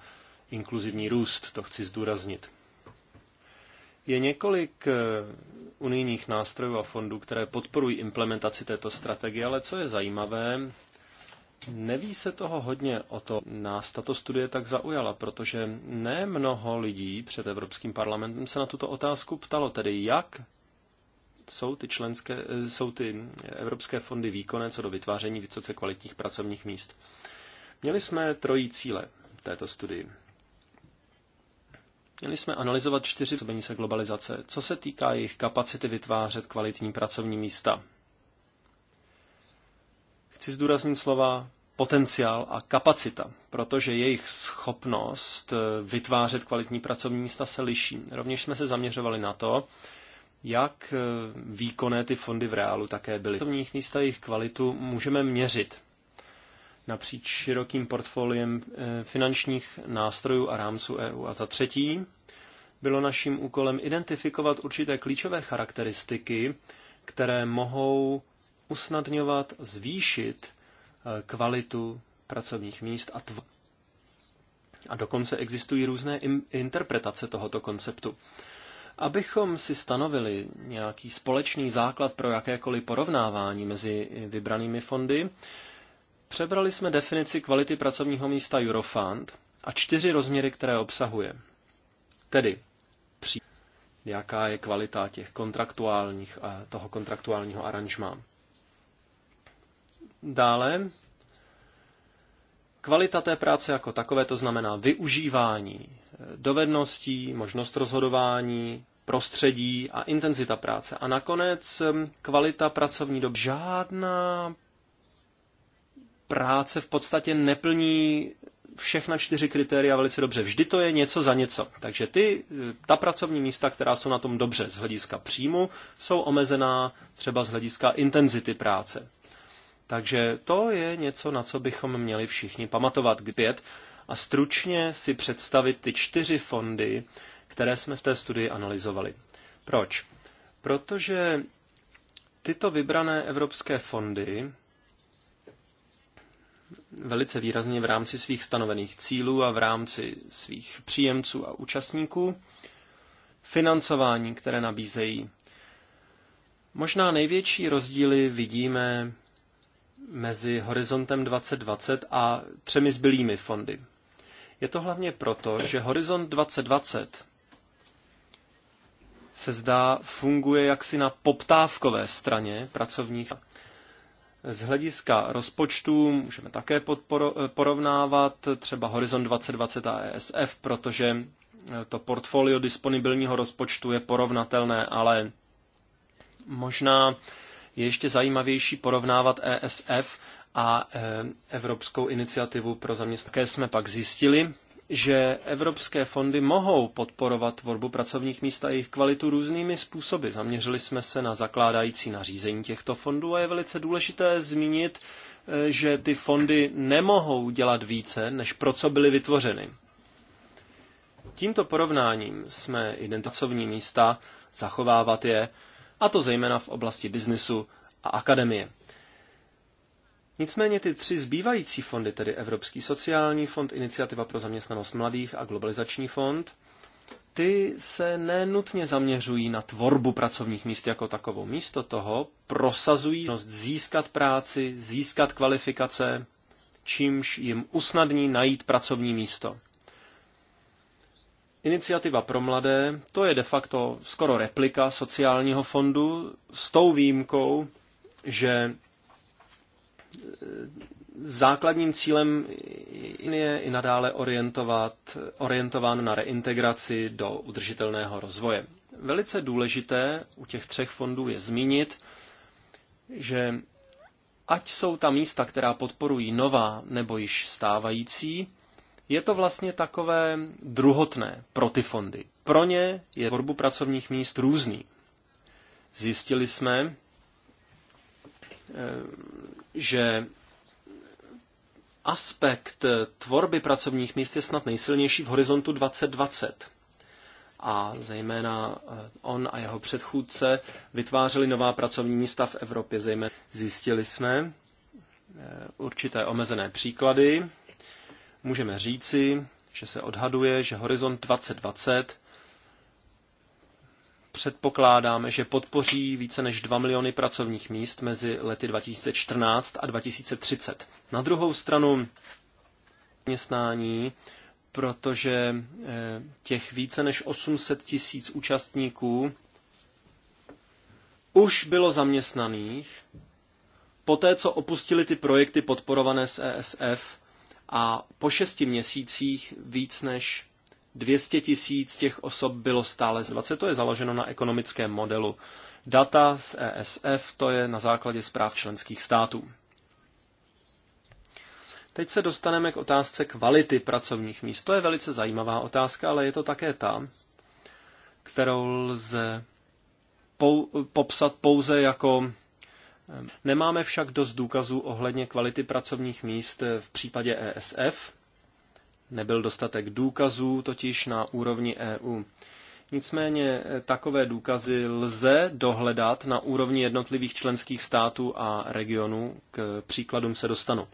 inkluzivní růst. To chci zdůraznit. Je několik eh, unijních nástrojů a fondů, které podporují implementaci této strategie, ale co je zajímavé, Neví se toho hodně o to. Nás tato studie tak zaujala, protože ne mnoho lidí před Evropským parlamentem se na tuto otázku ptalo, tedy jak jsou ty, členské, jsou ty evropské fondy výkonné co do vytváření vysoce kvalitních pracovních míst. Měli jsme trojí cíle této studii. Měli jsme analyzovat čtyři změní se globalizace, co se týká jejich kapacity vytvářet kvalitní pracovní místa, Chci zdůraznit slova potenciál a kapacita, protože jejich schopnost eh, vytvářet kvalitní pracovní místa se liší. Rovněž jsme se zaměřovali na to, jak eh, výkonné ty fondy v reálu také byly. V Pracovních místa jejich kvalitu můžeme měřit napříč širokým portfoliem eh, finančních nástrojů a rámců EU. A za třetí, bylo naším úkolem identifikovat určité klíčové charakteristiky, které mohou usnadňovat, zvýšit eh, kvalitu pracovních míst a tvo- A dokonce existují různé interpretace tohoto konceptu. Abychom si stanovili nějaký společný základ pro jakékoliv porovnávání mezi vybranými fondy, přebrali jsme definici kvality pracovního místa Eurofund a čtyři rozměry, které obsahuje. Tedy jaká je kvalita těch kontraktuálních, toho kontraktuálního aranžmá. Dále, kvalita té práce jako takové, to znamená využívání eh, dovedností, možnost rozhodování, prostředí a intenzita práce. A nakonec eh, kvalita pracovní doby. Žádná práce v podstatě neplní všechna čtyři kritéria velice dobře. Vždy to je něco za něco. Takže ty, eh, ta pracovní místa, která jsou na tom dobře z hlediska příjmu, jsou omezená třeba z hlediska intenzity práce. Takže to je něco, na co bychom měli všichni pamatovat zpět a stručně si představit ty čtyři fondy, které jsme v té studii analyzovali. Proč? Protože tyto vybrané evropské fondy velice výrazně v rámci svých stanovených cílů a v rámci svých příjemců a účastníků financování, které nabízejí. Možná největší rozdíly vidíme mezi Horizontem 2020 a třemi zbylými fondy. Je to hlavně proto, že Horizont 2020 se zdá funguje jaksi na poptávkové straně pracovních. Z hlediska rozpočtu můžeme také eh, porovnávat třeba Horizon 2020 a ESF, protože eh, to portfolio disponibilního rozpočtu je porovnatelné, ale možná je ještě zajímavější porovnávat ESF a e, Evropskou iniciativu pro zaměstnance. jsme pak zjistili, že evropské fondy mohou podporovat tvorbu pracovních míst a jejich kvalitu různými způsoby. Zaměřili jsme se na zakládající nařízení těchto fondů a je velice důležité zmínit, e, že ty fondy nemohou dělat více, než pro co byly vytvořeny. Tímto porovnáním jsme pracovní místa, zachovávat je a to zejména v oblasti biznisu a akademie. Nicméně ty tři zbývající fondy, tedy Evropský sociální fond, Iniciativa pro zaměstnanost mladých a Globalizační fond, ty se nenutně zaměřují na tvorbu pracovních míst jako takovou. Místo toho prosazují získat práci, získat kvalifikace, čímž jim usnadní najít pracovní místo. Iniciativa pro mladé, to je de facto skoro replika sociálního fondu s tou výjimkou, že e, základním cílem je i nadále orientovat, orientován na reintegraci do udržitelného rozvoje. Velice důležité u těch třech fondů je zmínit, že ať jsou ta místa, která podporují nová nebo již stávající, je to vlastně takové druhotné pro ty fondy. Pro ně je tvorbu pracovních míst různý. Zjistili jsme, eh, že aspekt tvorby pracovních míst je snad nejsilnější v horizontu 2020. A zejména eh, on a jeho předchůdce vytvářeli nová pracovní místa v Evropě. Zejména zjistili jsme eh, určité omezené příklady, můžeme říci, že se odhaduje, že Horizont 2020 předpokládáme, že podpoří více než 2 miliony pracovních míst mezi lety 2014 a 2030. Na druhou stranu zaměstnání, protože eh, těch více než 800 tisíc účastníků už bylo zaměstnaných poté, co opustili ty projekty podporované z ESF a po šesti měsících víc než 200 tisíc těch osob bylo stále z 20. To je založeno na ekonomickém modelu. Data z ESF to je na základě zpráv členských států. Teď se dostaneme k otázce kvality pracovních míst. To je velice zajímavá otázka, ale je to také ta, kterou lze pou, popsat pouze jako Nemáme však dost důkazů ohledně kvality pracovních míst v případě ESF. Nebyl dostatek důkazů totiž na úrovni EU. Nicméně eh, takové důkazy lze dohledat na úrovni jednotlivých členských států a regionů. K příkladům se dostanu.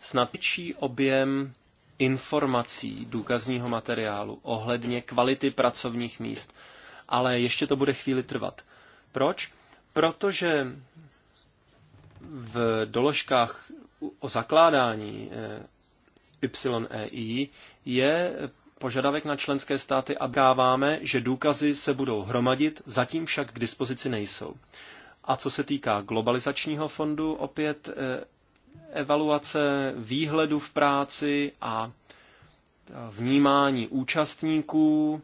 Snad větší objem informací důkazního materiálu ohledně kvality pracovních míst, ale ještě to bude chvíli trvat. Proč? protože v doložkách o zakládání eh, YEI je požadavek na členské státy a dáváme, že důkazy se budou hromadit, zatím však k dispozici nejsou. A co se týká globalizačního fondu, opět eh, evaluace výhledu v práci a vnímání účastníků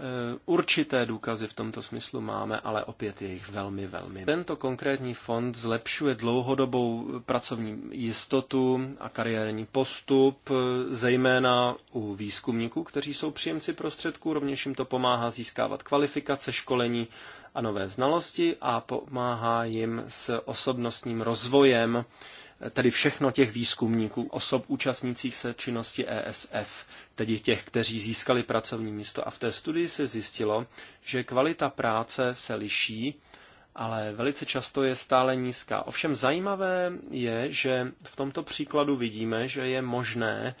Eh, určité důkazy v tomto smyslu máme, ale opět je jich velmi, velmi. Tento konkrétní fond zlepšuje dlouhodobou pracovní jistotu a kariérní postup, eh, zejména u výzkumníků, kteří jsou příjemci prostředků, rovněž jim to pomáhá získávat kvalifikace, školení a nové znalosti a pomáhá jim s osobnostním rozvojem, eh, tedy všechno těch výzkumníků, osob účastnících se činnosti ESF tedy těch, kteří získali pracovní místo. A v té studii se zjistilo, že kvalita práce se liší, ale velice často je stále nízká. Ovšem zajímavé je, že v tomto příkladu vidíme, že je možné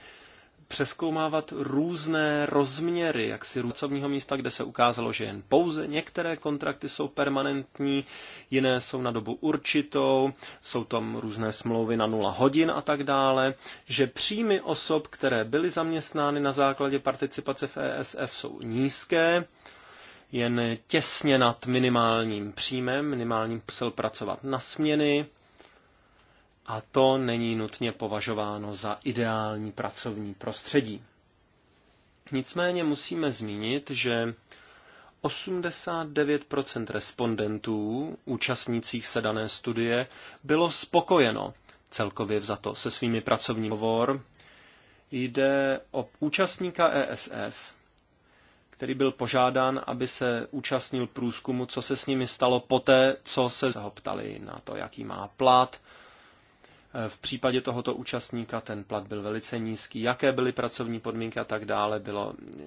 přeskoumávat různé rozměry jak si rucovního místa, kde se ukázalo, že jen pouze některé kontrakty jsou permanentní, jiné jsou na dobu určitou, jsou tam různé smlouvy na nula hodin a tak dále, že příjmy osob, které byly zaměstnány na základě participace v ESF, jsou nízké, jen těsně nad minimálním příjmem, minimálním musel pracovat na směny, a to není nutně považováno za ideální pracovní prostředí. Nicméně musíme zmínit, že 89 respondentů účastnících se dané studie bylo spokojeno celkově vzato se svými pracovními hovor. Jde o účastníka ESF, který byl požádán, aby se účastnil průzkumu, co se s nimi stalo poté, co se ho ptali na to, jaký má plat, v případě tohoto účastníka ten plat byl velice nízký. Jaké byly pracovní podmínky a tak dále, bylo, eh,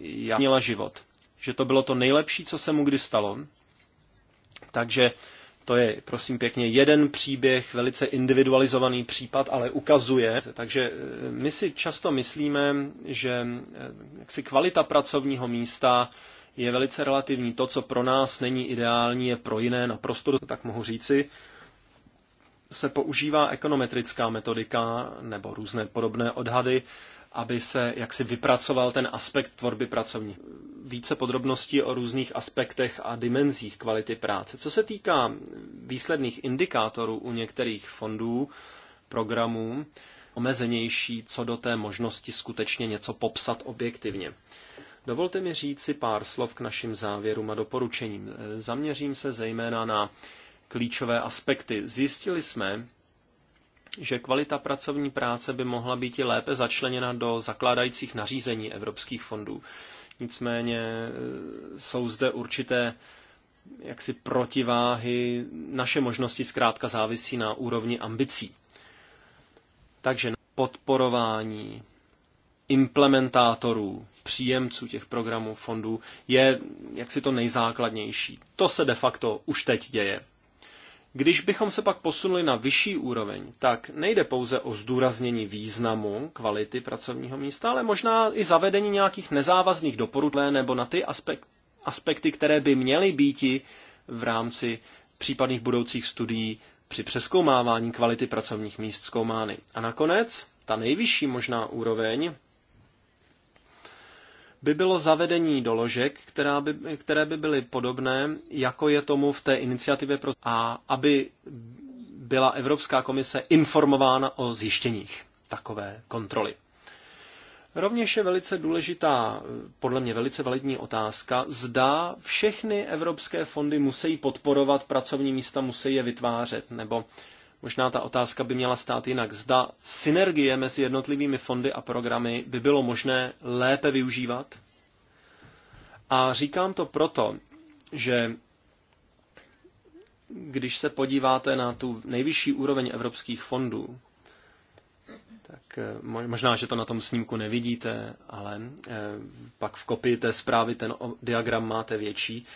jak měla život. Že to bylo to nejlepší, co se mu kdy stalo. Takže to je, prosím pěkně, jeden příběh, velice individualizovaný případ, ale ukazuje. Takže eh, my si často myslíme, že eh, jaksi kvalita pracovního místa je velice relativní. To, co pro nás není ideální, je pro jiné naprosto, tak mohu říci se používá ekonometrická metodika nebo různé podobné odhady, aby se jaksi vypracoval ten aspekt tvorby pracovní. Více podrobností o různých aspektech a dimenzích kvality práce. Co se týká výsledných indikátorů u některých fondů, programů, omezenější co do té možnosti skutečně něco popsat objektivně. Dovolte mi říci pár slov k našim závěrům a doporučením. Zaměřím se zejména na klíčové aspekty. Zjistili jsme, že kvalita pracovní práce by mohla být i lépe začleněna do zakládajících nařízení evropských fondů. Nicméně e, jsou zde určité jaksi protiváhy. Naše možnosti zkrátka závisí na úrovni ambicí. Takže na podporování implementátorů, příjemců těch programů fondů je jaksi to nejzákladnější. To se de facto už teď děje. Když bychom se pak posunuli na vyšší úroveň, tak nejde pouze o zdůraznění významu kvality pracovního místa, ale možná i zavedení nějakých nezávazných doporučení nebo na ty aspekt, aspekty, které by měly být v rámci případných budoucích studií při přeskoumávání kvality pracovních míst zkoumány. A nakonec ta nejvyšší možná úroveň by bylo zavedení doložek, která by, které by byly podobné, jako je tomu v té iniciativě pro... a aby byla Evropská komise informována o zjištěních takové kontroly. Rovněž je velice důležitá, podle mě velice validní otázka, zda všechny evropské fondy musí podporovat pracovní místa, musí je vytvářet, nebo Možná ta otázka by měla stát jinak. Zda synergie mezi jednotlivými fondy a programy by bylo možné lépe využívat? A říkám to proto, že když se podíváte na tu nejvyšší úroveň evropských fondů, tak eh, možná, že to na tom snímku nevidíte, ale eh, pak v kopii té zprávy ten diagram máte větší.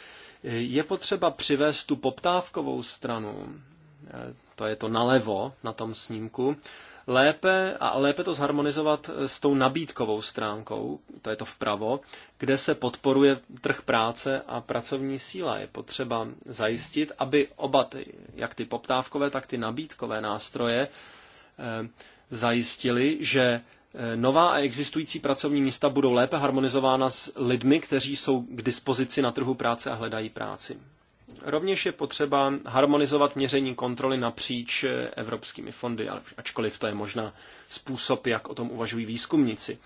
Je potřeba přivést tu poptávkovou stranu, eh, to je to nalevo na tom snímku, lépe a lépe to zharmonizovat s tou nabídkovou stránkou, to je to vpravo, kde se podporuje trh práce a pracovní síla. Je potřeba zajistit, aby oba, ty, jak ty poptávkové, tak ty nabídkové nástroje, eh, zajistili, že eh, nová a existující pracovní místa budou lépe harmonizována s lidmi, kteří jsou k dispozici na trhu práce a hledají práci. Rovněž je potřeba harmonizovat měření kontroly napříč evropskými fondy, ačkoliv to je možná způsob, jak o tom uvažují výzkumníci.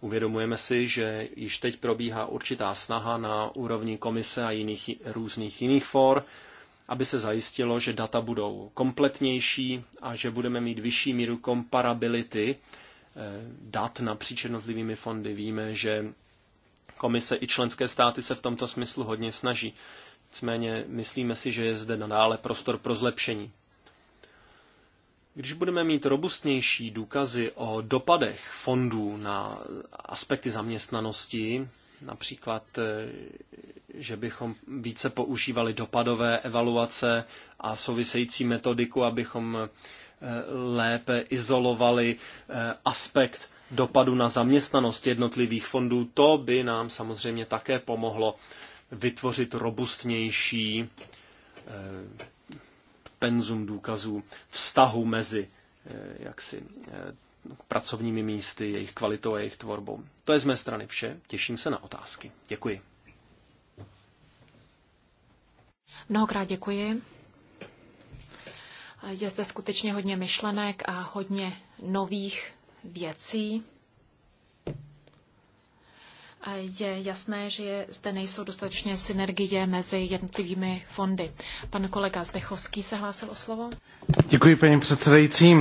Uvědomujeme si, že již teď probíhá určitá snaha na úrovni komise a jiných, různých jiných for, aby se zajistilo, že data budou kompletnější a že budeme mít vyšší míru komparability eh, dat napříč jednotlivými fondy. Víme, že komise i členské státy se v tomto smyslu hodně snaží. Nicméně myslíme si, že je zde nadále prostor pro zlepšení. Když budeme mít robustnější důkazy o dopadech fondů na aspekty zaměstnanosti, například, eh, že bychom více používali dopadové evaluace a související metodiku, abychom eh, lépe izolovali eh, aspekt dopadu na zaměstnanost jednotlivých fondů, to by nám samozřejmě také pomohlo vytvořit robustnější eh, penzum důkazů vztahu mezi eh, jaksi eh, pracovními místy, jejich kvalitou a jejich tvorbou. To je z mé strany vše. Těším se na otázky. Děkuji. Mnohokrát děkuji. Je zde skutečně hodně myšlenek a hodně nových věcí. Je jasné, že zde nejsou dostatečně synergie mezi jednotlivými fondy. Pan kolega Zdechovský se hlásil o slovo. Děkuji, paní předsedající.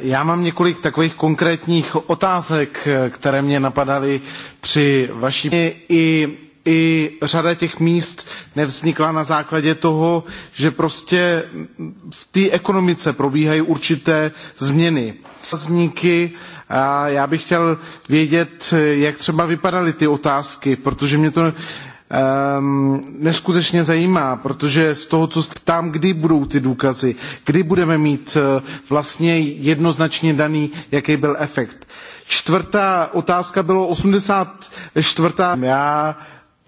Já mám několik takových konkrétních otázek, které mě napadaly při vaší i i řada těch míst nevznikla na základě toho, že prostě v té ekonomice probíhají určité změny. Vzniky a já bych chtěl vědět, jak třeba vypadaly ty otázky, protože mě to um, neskutečně zajímá, protože z toho, co tam, kdy budou ty důkazy, kdy budeme mít e, vlastně jednoznačně daný, jaký byl efekt. Čtvrtá otázka bylo 84. Já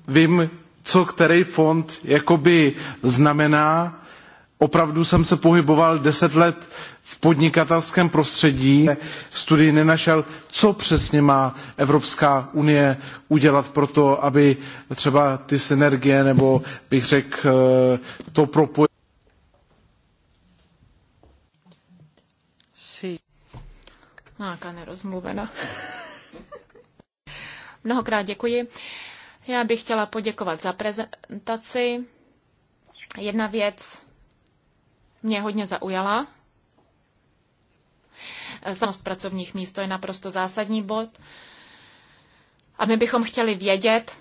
vím, co který fond jakoby znamená. Opravdu jsem se pohyboval deset let v podnikatelském prostředí, V studii nenašel, co přesně má Evropská unie udělat pro to, aby třeba ty synergie nebo bych řekl eh, to propojení. Náka nerozmluvena. Mnohokrát děkuji. Já bych chtěla poděkovat za prezentaci. Jedna věc mě hodně zaujala. Samost pracovních míst, to je naprosto zásadní bod. A my bychom chtěli vědět,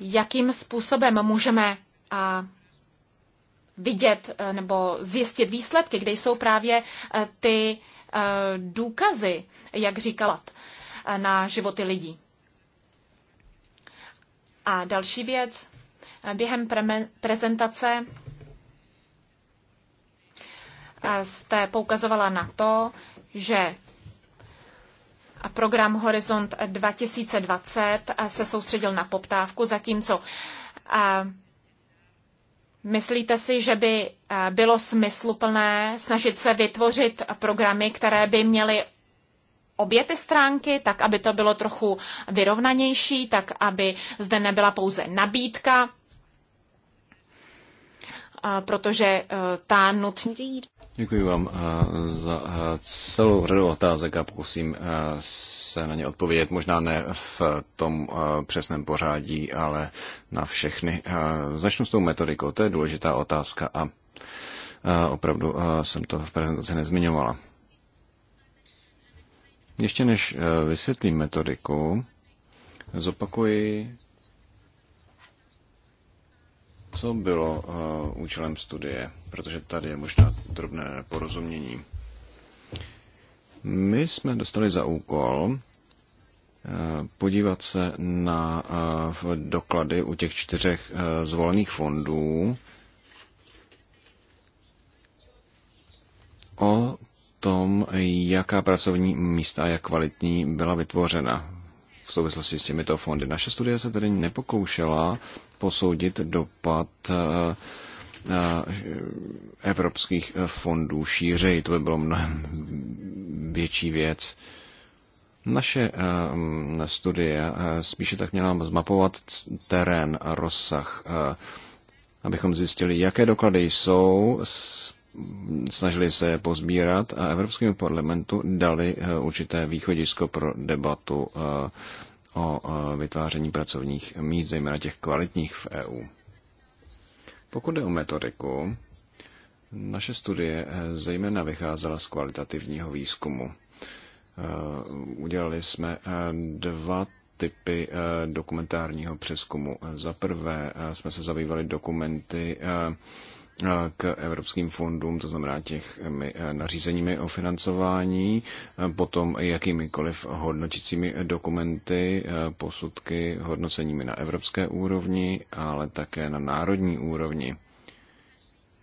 jakým způsobem můžeme vidět e, nebo zjistit výsledky, kde jsou právě e, ty e, důkazy, jak říkala na životy lidí. A další věc, během pre- prezentace jste poukazovala na to, že program Horizont 2020 se soustředil na poptávku, zatímco Myslíte si, že by bylo smysluplné snažit se vytvořit programy, které by měly obě ty stránky, tak aby to bylo trochu vyrovnanější, tak aby zde nebyla pouze nabídka, protože e, ta nutní. Děkuji vám e, za e, celou řadu otázek a pokusím se na ně odpovědět, možná ne v tom přesném pořádí, ale na všechny. Začnu s tou metodikou, to je důležitá otázka a opravdu jsem to v prezentaci nezmiňovala. Ještě než eh, vysvětlím metodiku, zopakuji, co bylo eh, účelem studie, protože tady je možná drobné porozumění. My jsme dostali za úkol eh, podívat se na doklady u těch čtyřech zvolených fondů o tom, jaká pracovní místa a jak kvalitní byla vytvořena v souvislosti s těmito fondy. Naše studie se tedy nepokoušela posoudit dopad eh, eh, evropských eh, fondů šířej. To by bylo mnohem větší věc. Naše studie spíše tak měla zmapovat terén a rozsah, abychom zjistili, jaké doklady jsou z snažili se je pozbírat a Evropskému parlamentu dali eh, určité východisko pro debatu eh, o eh, vytváření pracovních míst, zejména těch kvalitních v EU. Pokud jde o metodiku, naše studie zejména vycházela z kvalitativního výzkumu. Udělali jsme dva typy dokumentárního přeskumu. Za prvé jsme se zabývali dokumenty Eh, k evropským fondům, to znamená těch eh, eh, nařízeními o financování, potom jakýmikoliv hodnotícími dokumenty, posudky, hodnoceními na evropské úrovni, ale také na národní úrovni.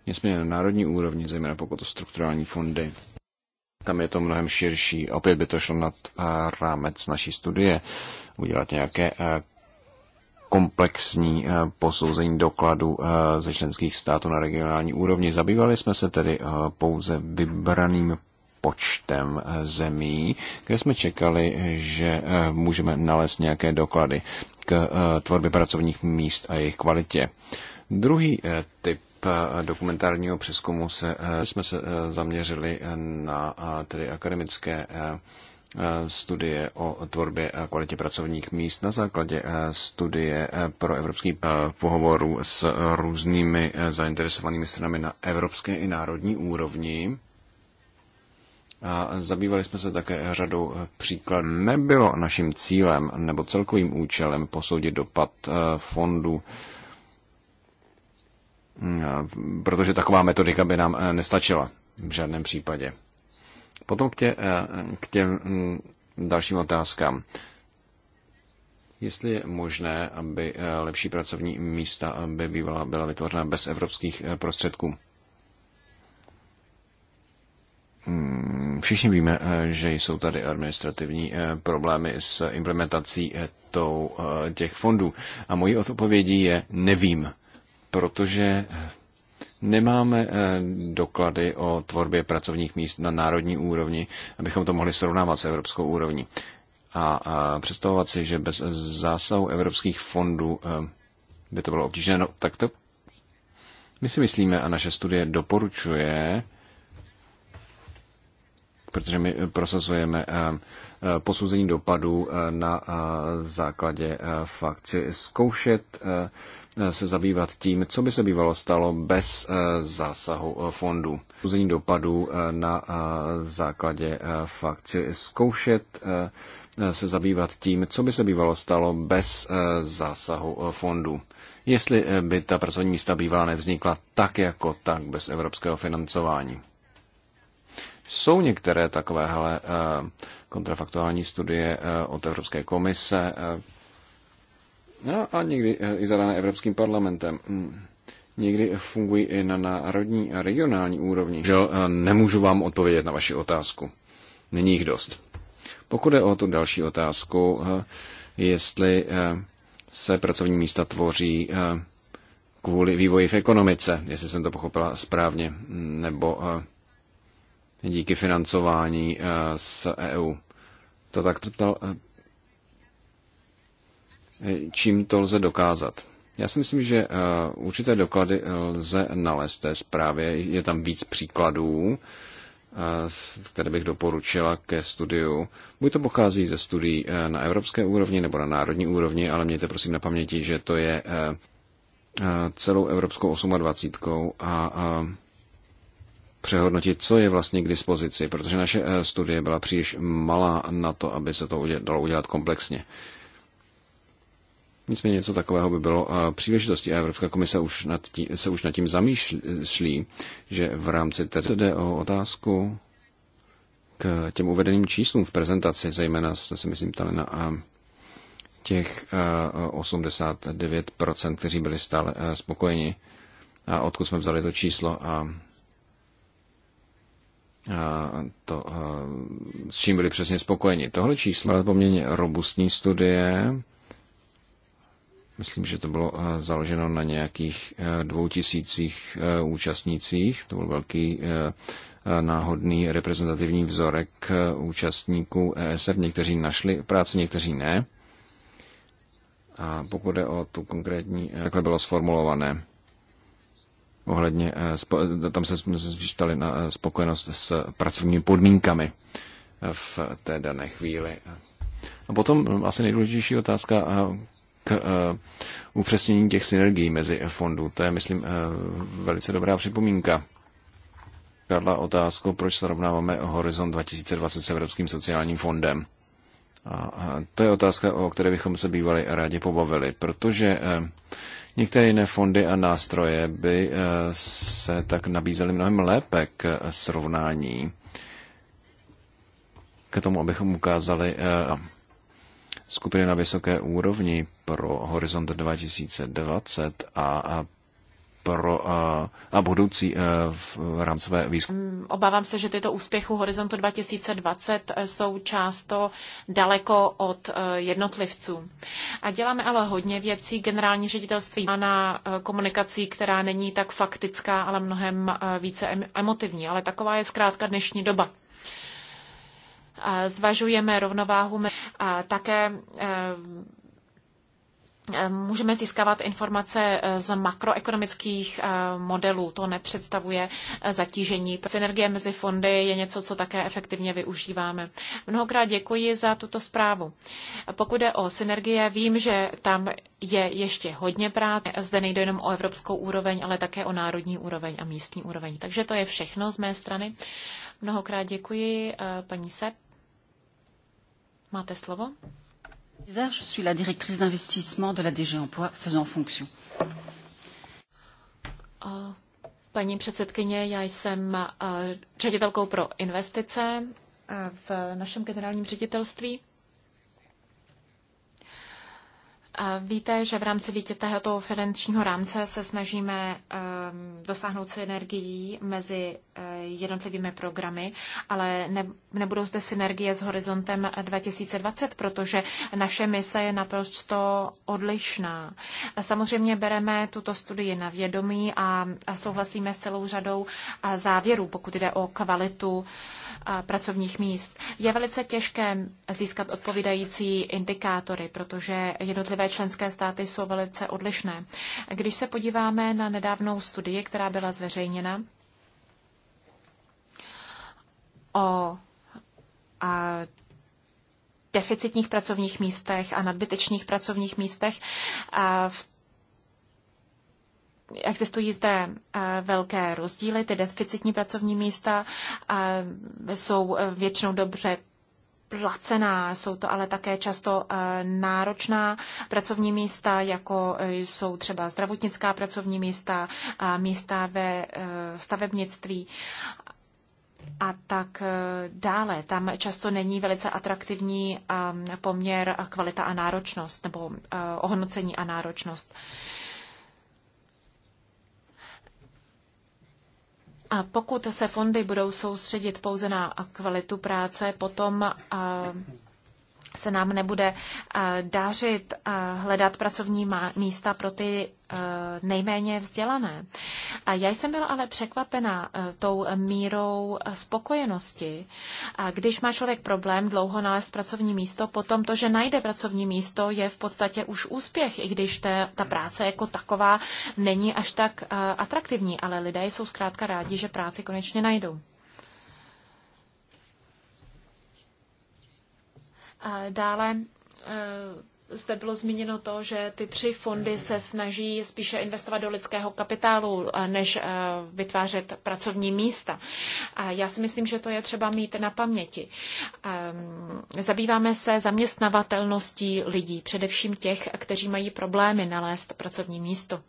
Nicméně na národní úrovni, zejména pokud to strukturální fondy. Tam je to mnohem širší. Opět by to šlo nad rámec naší studie udělat nějaké komplexní eh, posouzení dokladů eh, ze členských států na regionální úrovni. Zabývali jsme se tedy eh, pouze vybraným počtem zemí, kde jsme čekali, že můžeme nalézt nějaké doklady k tvorbě pracovních míst a jejich kvalitě. Druhý typ dokumentárního přeskumu se, jsme se zaměřili na tedy akademické Eh, studie o tvorbě a kvalitě pracovních míst na základě eh, studie eh, pro evropský pohovorů s různými zainteresovanými stranami na evropské i národní úrovni. A zabývali jsme se také řadou příkladů. Nebylo naším cílem nebo celkovým účelem posoudit dopad fondu protože taková metodika by nám nestačila v žádném případě. Potom k, tě, eh, k těm hm, dalším otázkám. Jestli je možné, aby eh, lepší pracovní místa by bývala, byla vytvořena bez evropských eh, prostředků? Hm, všichni víme, že jsou tady administrativní problémy s implementací těch fondů. A mojí odpovědí je nevím, protože Nemáme eh, doklady o tvorbě pracovních míst na národní úrovni, abychom to mohli srovnávat s evropskou úrovní. A představovat si, že bez zásahu evropských fondů eh, by to bylo obtížné, no tak to my si myslíme a naše studie doporučuje, protože my prosazujeme eh, Eh, posouzení dopadů eh, na eh, základě fakt. zkoušet se zabývat tím, co by se bývalo stalo bez zásahu fondu Posouzení dopadů na základě fakt. zkoušet se zabývat tím, co by se bývalo stalo bez zásahu fondu, Jestli by ta pracovní místa bývala nevznikla tak jako tak bez evropského financování. Jsou některé takovéhle eh, kontrafaktuální studie eh, od Evropské komise eh, no, a někdy i zadané Evropským parlamentem. Hm. Někdy fungují i na národní a regionální úrovni. Žel, nemůžu vám odpovědět na vaši otázku. Není jich dost. Pokud je o tu další otázku, jestli se pracovní místa tvoří kvůli vývoji v ekonomice, jestli jsem to pochopila správně, nebo díky financování eh, z EU. To tak to eh, čím to lze dokázat. Já si myslím, že eh, určité doklady lze nalézt té zprávě. Je tam víc příkladů, které bych doporučila ke studiu. Buď to pochází ze studií na evropské úrovni nebo na národní úrovni, ale mějte prosím na paměti, že to je celou evropskou 28 a přehodnotit, co je vlastně k dispozici, protože naše eh, studie byla příliš malá na to, aby se to dalo udělat komplexně. Nicméně něco takového by bylo eh, příležitostí a Evropská komise už nad tím, se už nad tím zamýšlí, že v rámci tedy jde o otázku k těm uvedeným číslům v prezentaci, zejména se si myslím tady na eh, těch 89%, kteří byli stále spokojeni a odkud jsme vzali to číslo a to, s čím byli přesně spokojeni. Tohle číslo je poměrně robustní studie. Myslím, že to bylo založeno na nějakých dvou tisících účastnících. To byl velký náhodný reprezentativní vzorek účastníků ESF. Někteří našli práci, někteří ne. A pokud je o tu konkrétní, takhle bylo sformulované ohledně, eh, tam se zjištali na eh, spokojenost s pracovními podmínkami eh, v té dané chvíli. A potom asi nejdůležitější otázka k upřesnění těch synergií mezi fondů. To je, myslím, velice dobrá připomínka. Kladla otázku, proč srovnáváme Horizon 2020 s Evropským sociálním fondem. A to je otázka, o které bychom se bývali rádi pobavili, protože Některé jiné fondy a nástroje by eh, se tak nabízely mnohem lépe k srovnání, k tomu, abychom ukázali eh, skupiny na vysoké úrovni pro Horizont 2020 a pro a, a budoucí e, v rámcové výzkum. Mm, obávám se, že tyto úspěchy Horizontu 2020 e, jsou často daleko od e, jednotlivců. A děláme ale hodně věcí. Generální ředitelství má na komunikací, která není tak faktická, ale mnohem více emotivní. Ale taková je zkrátka dnešní doba zvažujeme rovnováhu a také Eh, můžeme získávat informace eh, z makroekonomických eh, modelů. To nepředstavuje zatížení. Synergie mezi fondy je něco, co také efektivně využíváme. Mnohokrát děkuji za tuto zprávu. Pokud je o synergie, vím, že tam je ještě hodně práce. Zde nejde jenom o evropskou úroveň, ale také o národní úroveň a místní úroveň. Takže to je všechno z mé strany. Mnohokrát děkuji, paní Sepp. Máte slovo? Je suis la directrice d'investissement de la DG Emploi faisant fonction. Paní předsedkyně, já jsem eh, ředitelkou pro investice eh, v našem generálním ředitelství. Víte, že v rámci vítětého finančního rámce se snažíme ehm, dosáhnout synergií mezi eh, jednotlivými programy, ale ne, nebudou zde synergie s horizontem 2020, protože naše mise je naprosto odlišná. Samozřejmě bereme tuto studii na vědomí a souhlasíme s celou řadou závěrů, pokud jde o kvalitu pracovních míst. Je velice těžké získat odpovídající indikátory, protože jednotlivé členské státy jsou velice odlišné. Když se podíváme na nedávnou studii, která byla zveřejněna o a deficitních pracovních místech a nadbytečných pracovních místech. V Existují zde eh, velké rozdíly, ty deficitní pracovní místa eh, jsou eh, většinou dobře placená, jsou to ale také často náročná pracovní místa, jako jsou třeba zdravotnická pracovní místa, místa ve stavebnictví a tak dále. Tam často není velice atraktivní poměr kvalita a náročnost nebo ohodnocení a náročnost. A pokud se fondy budou soustředit pouze na kvalitu práce, potom se nám nebude eh, dářit eh, hledat pracovní místa pro ty eh, nejméně vzdělané. Já jsem byla ale překvapena tou mírou spokojenosti. Když má člověk problém dlouho nalézt pracovní místo, potom to, že najde pracovní místo, je v podstatě už úspěch, i když te, ta práce jako taková není až tak atraktivní, ale lidé jsou zkrátka rádi, že práci konečně najdou. Dále eh, zde bylo zmíněno to, že ty tři fondy se snaží spíše investovat do lidského kapitálu, eh, než eh, vytvářet pracovní místa. A já si myslím, že to je třeba mít na paměti. Ehm, zabýváme se zaměstnavatelností lidí, především těch, kteří mají problémy nalézt pracovní místo.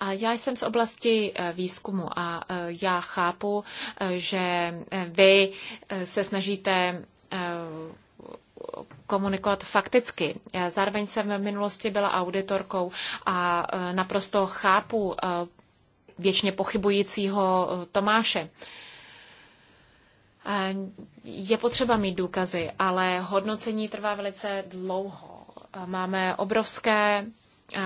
A já jsem z oblasti eh, výzkumu a eh, já chápu, eh, že vy se snažíte komunikovat fakticky. Já Zároveň jsem v minulosti byla auditorkou a naprosto chápu věčně pochybujícího Tomáše. Je potřeba mít důkazy, ale hodnocení trvá velice dlouho. Máme obrovské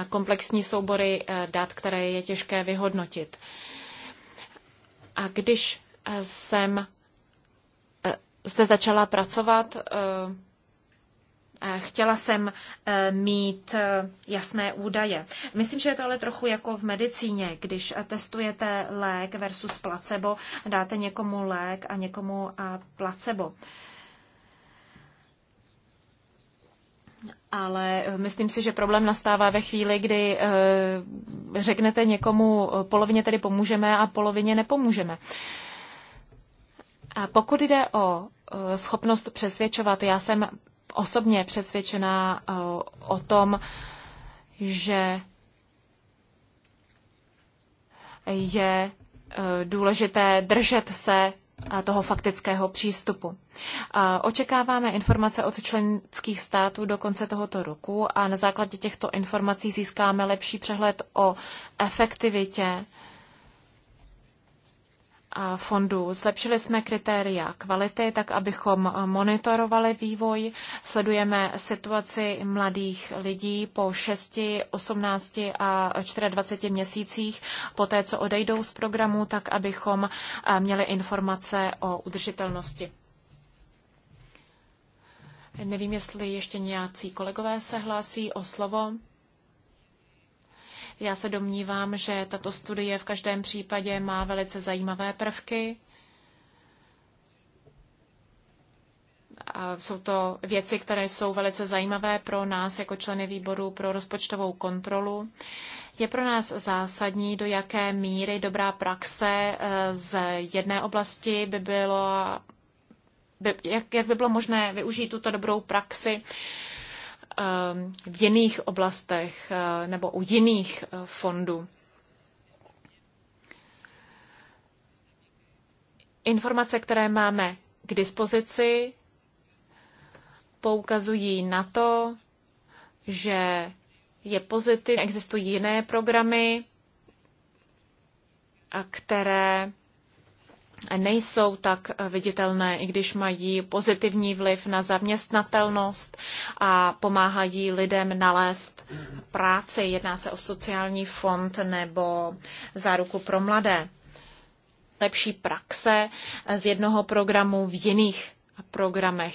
komplexní soubory eh, dat, které je těžké vyhodnotit. A když eh, jsem eh, zde začala pracovat, chtěla jsem mít jasné údaje. Myslím, že je to ale trochu jako v medicíně, když testujete lék versus placebo, dáte někomu lék a někomu placebo. ale eh, myslím si, že problém nastává ve chvíli, kdy eh, řeknete někomu, eh, polovině tedy pomůžeme a polovině nepomůžeme. A pokud jde o schopnost přesvědčovat, já jsem osobně přesvědčená o tom, že je důležité držet se toho faktického přístupu. Očekáváme informace od členských států do konce tohoto roku a na základě těchto informací získáme lepší přehled o efektivitě fondů. Zlepšili jsme kritéria kvality, tak abychom monitorovali vývoj. Sledujeme situaci mladých lidí po 6, 18 a 24 měsících, po té, co odejdou z programu, tak abychom eh, měli informace o udržitelnosti. Nevím, jestli ještě nějací kolegové se hlásí o slovo. Já se domnívám, že tato studie v každém případě má velice zajímavé prvky. A jsou to věci, které jsou velice zajímavé pro nás jako členy výboru pro rozpočtovou kontrolu. Je pro nás zásadní, do jaké míry dobrá praxe eh, z jedné oblasti by bylo, by, jak, jak by bylo možné využít tuto dobrou praxi Um, v jiných oblastech uh, nebo u jiných uh, fondů. Informace, které máme k dispozici, poukazují na to, že je pozitivní existují jiné programy, které nejsou tak viditelné, i když mají pozitivní vliv na zaměstnatelnost a pomáhají lidem nalézt práci. Jedná se o sociální fond nebo záruku pro mladé. Lepší praxe z jednoho programu v jiných programech.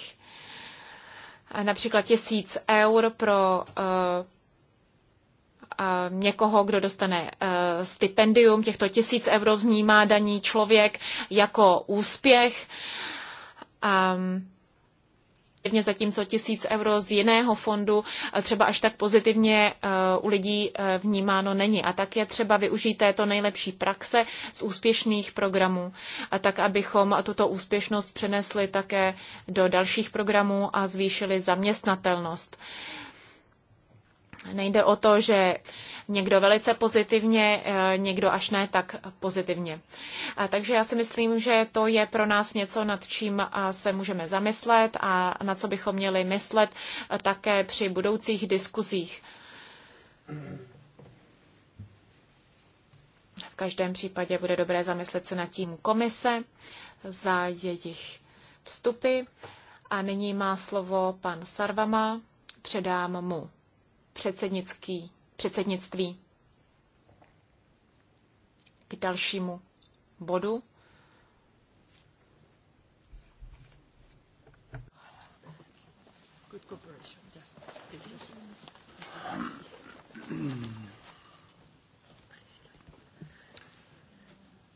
Například tisíc eur pro eh, někoho, kdo dostane eh, stipendium těchto tisíc euro vnímá daní člověk jako úspěch. Um, zatímco tisíc euro z jiného fondu eh, třeba až tak pozitivně eh, u lidí vnímáno není. A tak je třeba využít této nejlepší praxe z úspěšných programů, a tak abychom tuto úspěšnost přenesli také do dalších programů a zvýšili zaměstnatelnost. Nejde o to, že někdo velice pozitivně, eh, někdo až ne tak pozitivně. Takže já si myslím, že to je pro nás něco, nad čím eh, se můžeme zamyslet a na co bychom měli myslet eh, také při budoucích diskuzích. V každém případě bude dobré zamyslet se nad tím komise za jejich vstupy. A nyní má slovo pan Sarvama, předám mu předsednický, předsednictví k dalšímu bodu.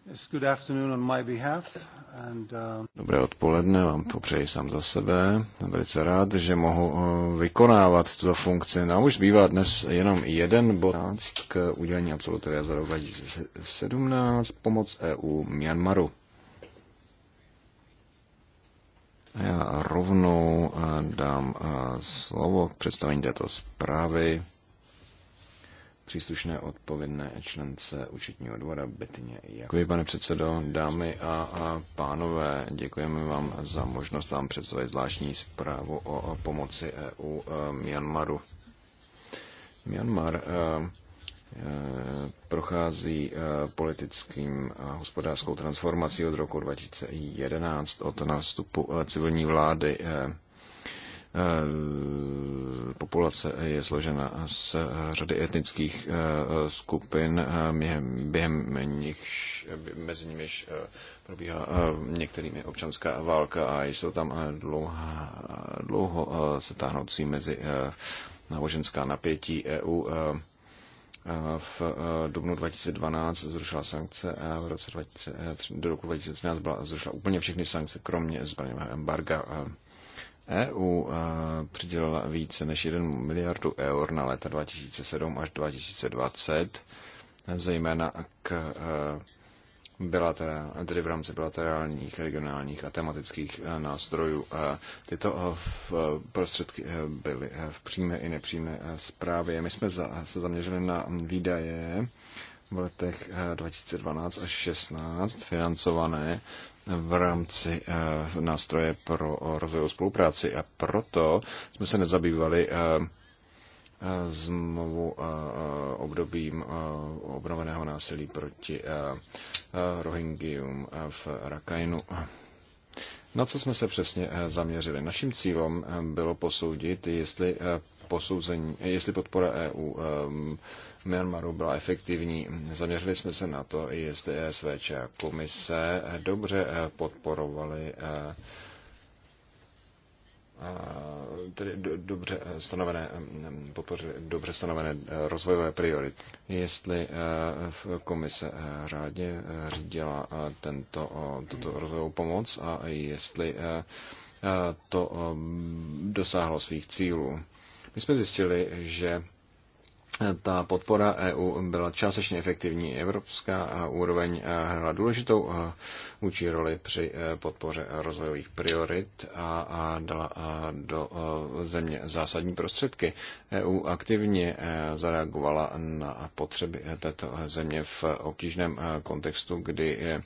Yes, good afternoon on my behalf. Uh, Dobré odpoledne vám popřeji sám za sebe. Jsem velice rád, že mohu uh, vykonávat tuto funkci. Nám už bývá dnes jenom jeden bod k udělení absolutoria za rok 2017 pomoc EU Myanmaru. A já rovnou uh, dám slovo k představení této zprávy příslušné odpovědné člence účetního dvora Betyně. Děkuji, pane předsedo, dámy a, a pánové, děkujeme vám za možnost vám představit zvláštní zprávu o, pomoci EU e, Myanmaru. Myanmar e, e, prochází politickým a hospodářskou transformací od roku 2011, od nástupu civilní vlády. Eh, populace je složena z eh, řady etnických eh, skupin, během nich, mezi nimiž probíhá některými občanská válka a jsou tam dlouho, dlouho se táhnoucí mezi náboženská napětí EU v dubnu 2012 zrušila sankce a v roce 2013, do roku 2013 byla zrušila úplně všechny sankce, kromě zbraňového embarga. EU e, přidělila více než 1 miliardu eur na leta 2007 až 2020, zejména k e, tedy v rámci bilaterálních, regionálních a tematických e, nástrojů. Tyto prostředky byly v přímé i nepřímé zprávě. My jsme se zaměřili na výdaje v letech 2012 až 16 financované v rámci eh, nástroje pro eh, rozvojovou spolupráci a proto jsme se nezabývali eh, znovu obdobím obnoveného násilí proti Rohingyům v Rakajnu. Na co jsme se přesně zaměřili? Naším cílem bylo posoudit, jestli posouzení, jestli podpora EU Myanmaru byla efektivní. Zaměřili jsme se na to, jestli e SVČ a komise dobře eh, podporovali eh, tedy dobře eh, stanovené, podpořili dobře stanovené rozvojové priority. Jestli komise řádně řídila tento, tuto rozvojovou pomoc a jestli to dosáhlo svých cílů. My jsme zjistili, že ta podpora EU byla částečně efektivní. Evropská úroveň hrála důležitou eh, vůči roli při eh, podpoře rozvojových priorit a dala eh, do země zásadní prostředky. EU aktivně zareagovala na potřeby této země v obtížném kontextu, kdy je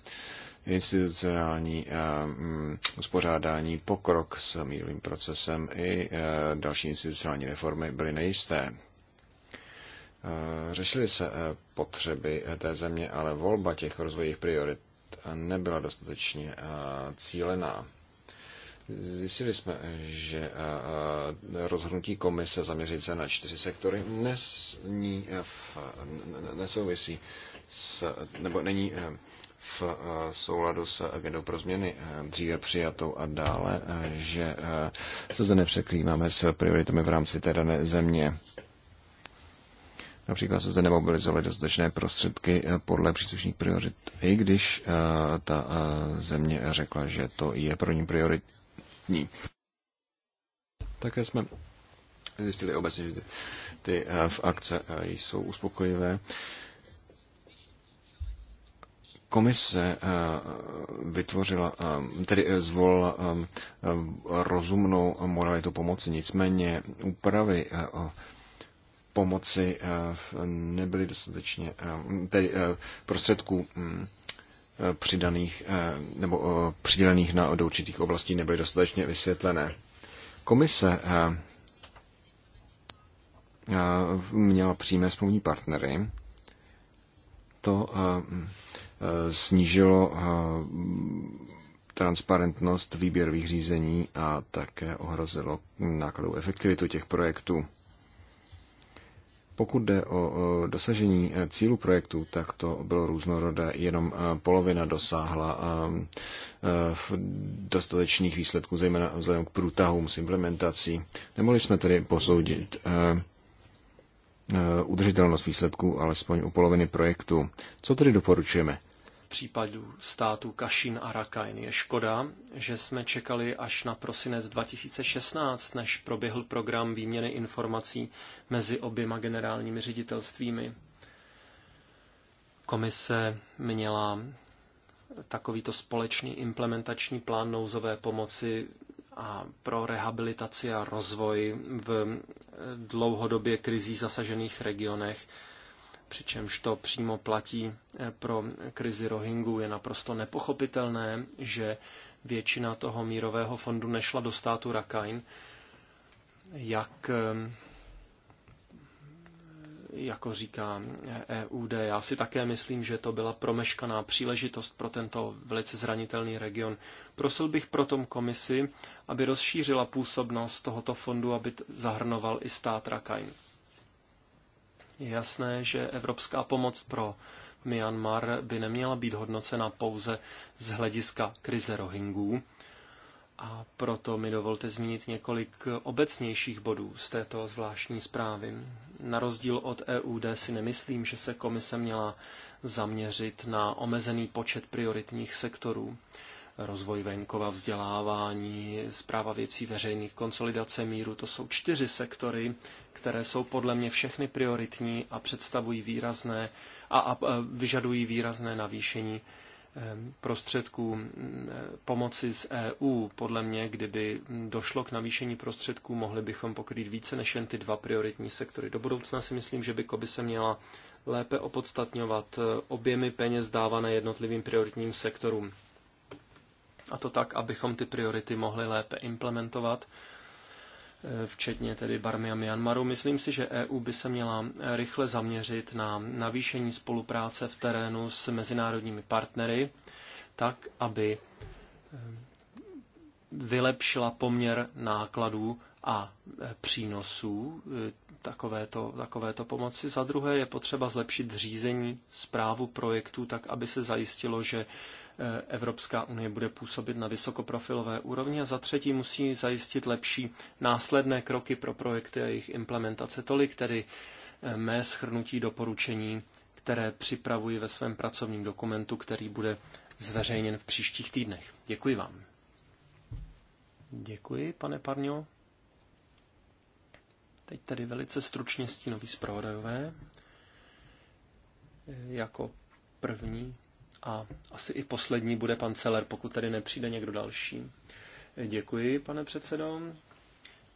institucionální eh, mm, uspořádání, pokrok s mírovým procesem i eh, další institucionální reformy byly nejisté. Eh, řešily se potřeby té země, ale volba těch rozvojových priorit nebyla dostatečně cílená. Zjistili jsme, že rozhodnutí komise zaměřit se na čtyři sektory nesouvisí s, nebo není v eh, souladu s agendou pro změny eh, dříve přijatou a dále, eh, že se zde nepřeklínáme s prioritami v rámci té dané země. Například se zde nemobilizovaly dostatečné prostředky podle příslušných priorit, i když ta země řekla, že to je pro ní prioritní. Také jsme zjistili obecně, že ty v akce jsou uspokojivé komise eh, vytvořila, eh, tedy eh, zvolila rozumnou moralitu pomoci, nicméně úpravy pomoci nebyly dostatečně, tedy prostředků hm, přidaných nebo přidělených na, do určitých oblastí nebyly dostatečně vysvětlené. Komise měla přímé smluvní partnery. To Eh, snížilo eh, transparentnost výběrových řízení a také ohrozilo nákladovou efektivitu těch projektů. Pokud jde o dosažení eh, cílu projektu, tak to bylo různorodé. Jenom polovina dosáhla dostatečných výsledků, zejména vzhledem k průtahům s implementací. Nemohli jsme tedy posoudit udržitelnost výsledků alespoň u poloviny projektu. Co tedy doporučujeme? případu států Kašin a Rakajn. Je škoda, že jsme čekali až na prosinec 2016, než proběhl program výměny informací mezi oběma generálními ředitelstvími. Komise měla takovýto společný implementační plán nouzové pomoci a pro rehabilitaci a rozvoj v dlouhodobě krizí zasažených regionech přičemž to přímo platí eh, pro krizi Rohingů. Je naprosto nepochopitelné, že většina toho mírového fondu nešla do státu Rakhine, jak eh, jako říká EUD. Eh, e já si také myslím, že to byla promeškaná příležitost pro tento velice zranitelný region. Prosil bych pro tom komisi, aby rozšířila působnost tohoto fondu, aby zahrnoval i stát Rakhine. Je jasné, že evropská pomoc pro Myanmar by neměla být hodnocena pouze z hlediska krize Rohingů. A proto mi dovolte zmínit několik obecnějších bodů z této zvláštní zprávy. Na rozdíl od EUD si nemyslím, že se komise měla zaměřit na omezený počet prioritních sektorů rozvoj venkova, vzdělávání, zpráva věcí veřejných, konsolidace míru. To jsou čtyři sektory, které jsou podle mě všechny prioritní a představují výrazné a, a vyžadují výrazné navýšení prostředků pomoci z EU. Podle mě, kdyby došlo k navýšení prostředků, mohli bychom pokrýt více než jen ty dva prioritní sektory. Do budoucna si myslím, že by koby se měla lépe opodstatňovat e, objemy peněz dávané jednotlivým prioritním sektorům. A to tak, abychom ty priority mohli lépe implementovat, e, včetně tedy Barmy a Myanmaru. Myslím si, že EU by se měla e, rychle zaměřit na navýšení spolupráce v terénu s mezinárodními partnery, tak, aby e, vylepšila poměr nákladů a přínosů takovéto, takovéto pomoci. Za druhé je potřeba zlepšit řízení zprávu projektů tak, aby se zajistilo, že Eh, Evropská unie bude působit na vysokoprofilové úrovni a za třetí musí zajistit lepší následné kroky pro projekty a jejich implementace. Tolik tedy eh, mé schrnutí doporučení, které připravuji ve svém pracovním dokumentu, který bude zveřejněn v příštích týdnech. Děkuji vám. Děkuji, pane Parňo. Teď tedy velice stručně stínoví zpravodajové. Eh, jako první a asi i poslední bude pan Celer, pokud tady nepřijde někdo další. Děkuji, pane předsedo.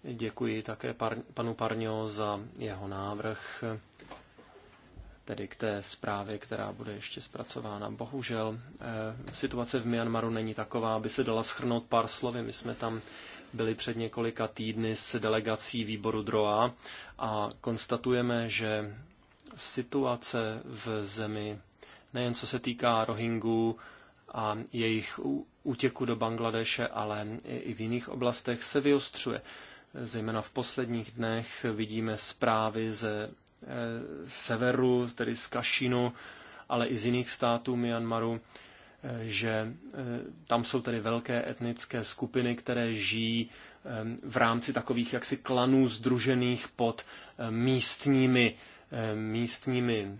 Děkuji také par, panu Parňo za jeho návrh, tedy k té zprávě, která bude ještě zpracována. Bohužel eh, situace v Myanmaru není taková, aby se dala schrnout pár slovy. My jsme tam byli před několika týdny s delegací výboru DROA a konstatujeme, že situace v zemi nejen co se týká Rohingů a jejich útěku do Bangladeše, ale i v jiných oblastech se vyostřuje. Zejména v posledních dnech vidíme zprávy ze e, severu, tedy z Kašinu, ale i z jiných států Myanmaru, e, že e, tam jsou tedy velké etnické skupiny, které žijí v rámci takových jaksi klanů združených pod místními, místními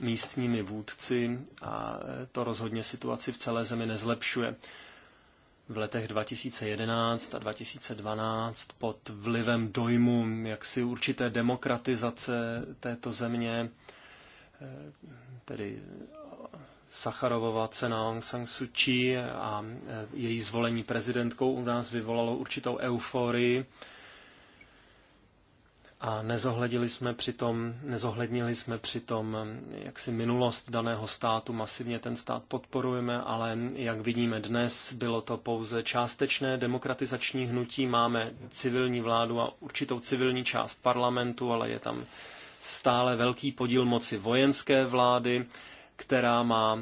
místními vůdci a e, to rozhodně situaci v celé zemi nezlepšuje. V letech 2011 a 2012 pod vlivem dojmu jaksi určité demokratizace této země, e, tedy Sacharovova cena Aung San Suu Kyi a e, její zvolení prezidentkou u nás vyvolalo určitou euforii a nezohlednili jsme přitom, nezohlednili jsme přitom eh, jaksi minulost daného státu, masivně ten stát podporujeme, ale jak vidíme dnes, bylo to pouze částečné demokratizační hnutí, máme civilní vládu a určitou civilní část parlamentu, ale je tam stále velký podíl moci vojenské vlády, která má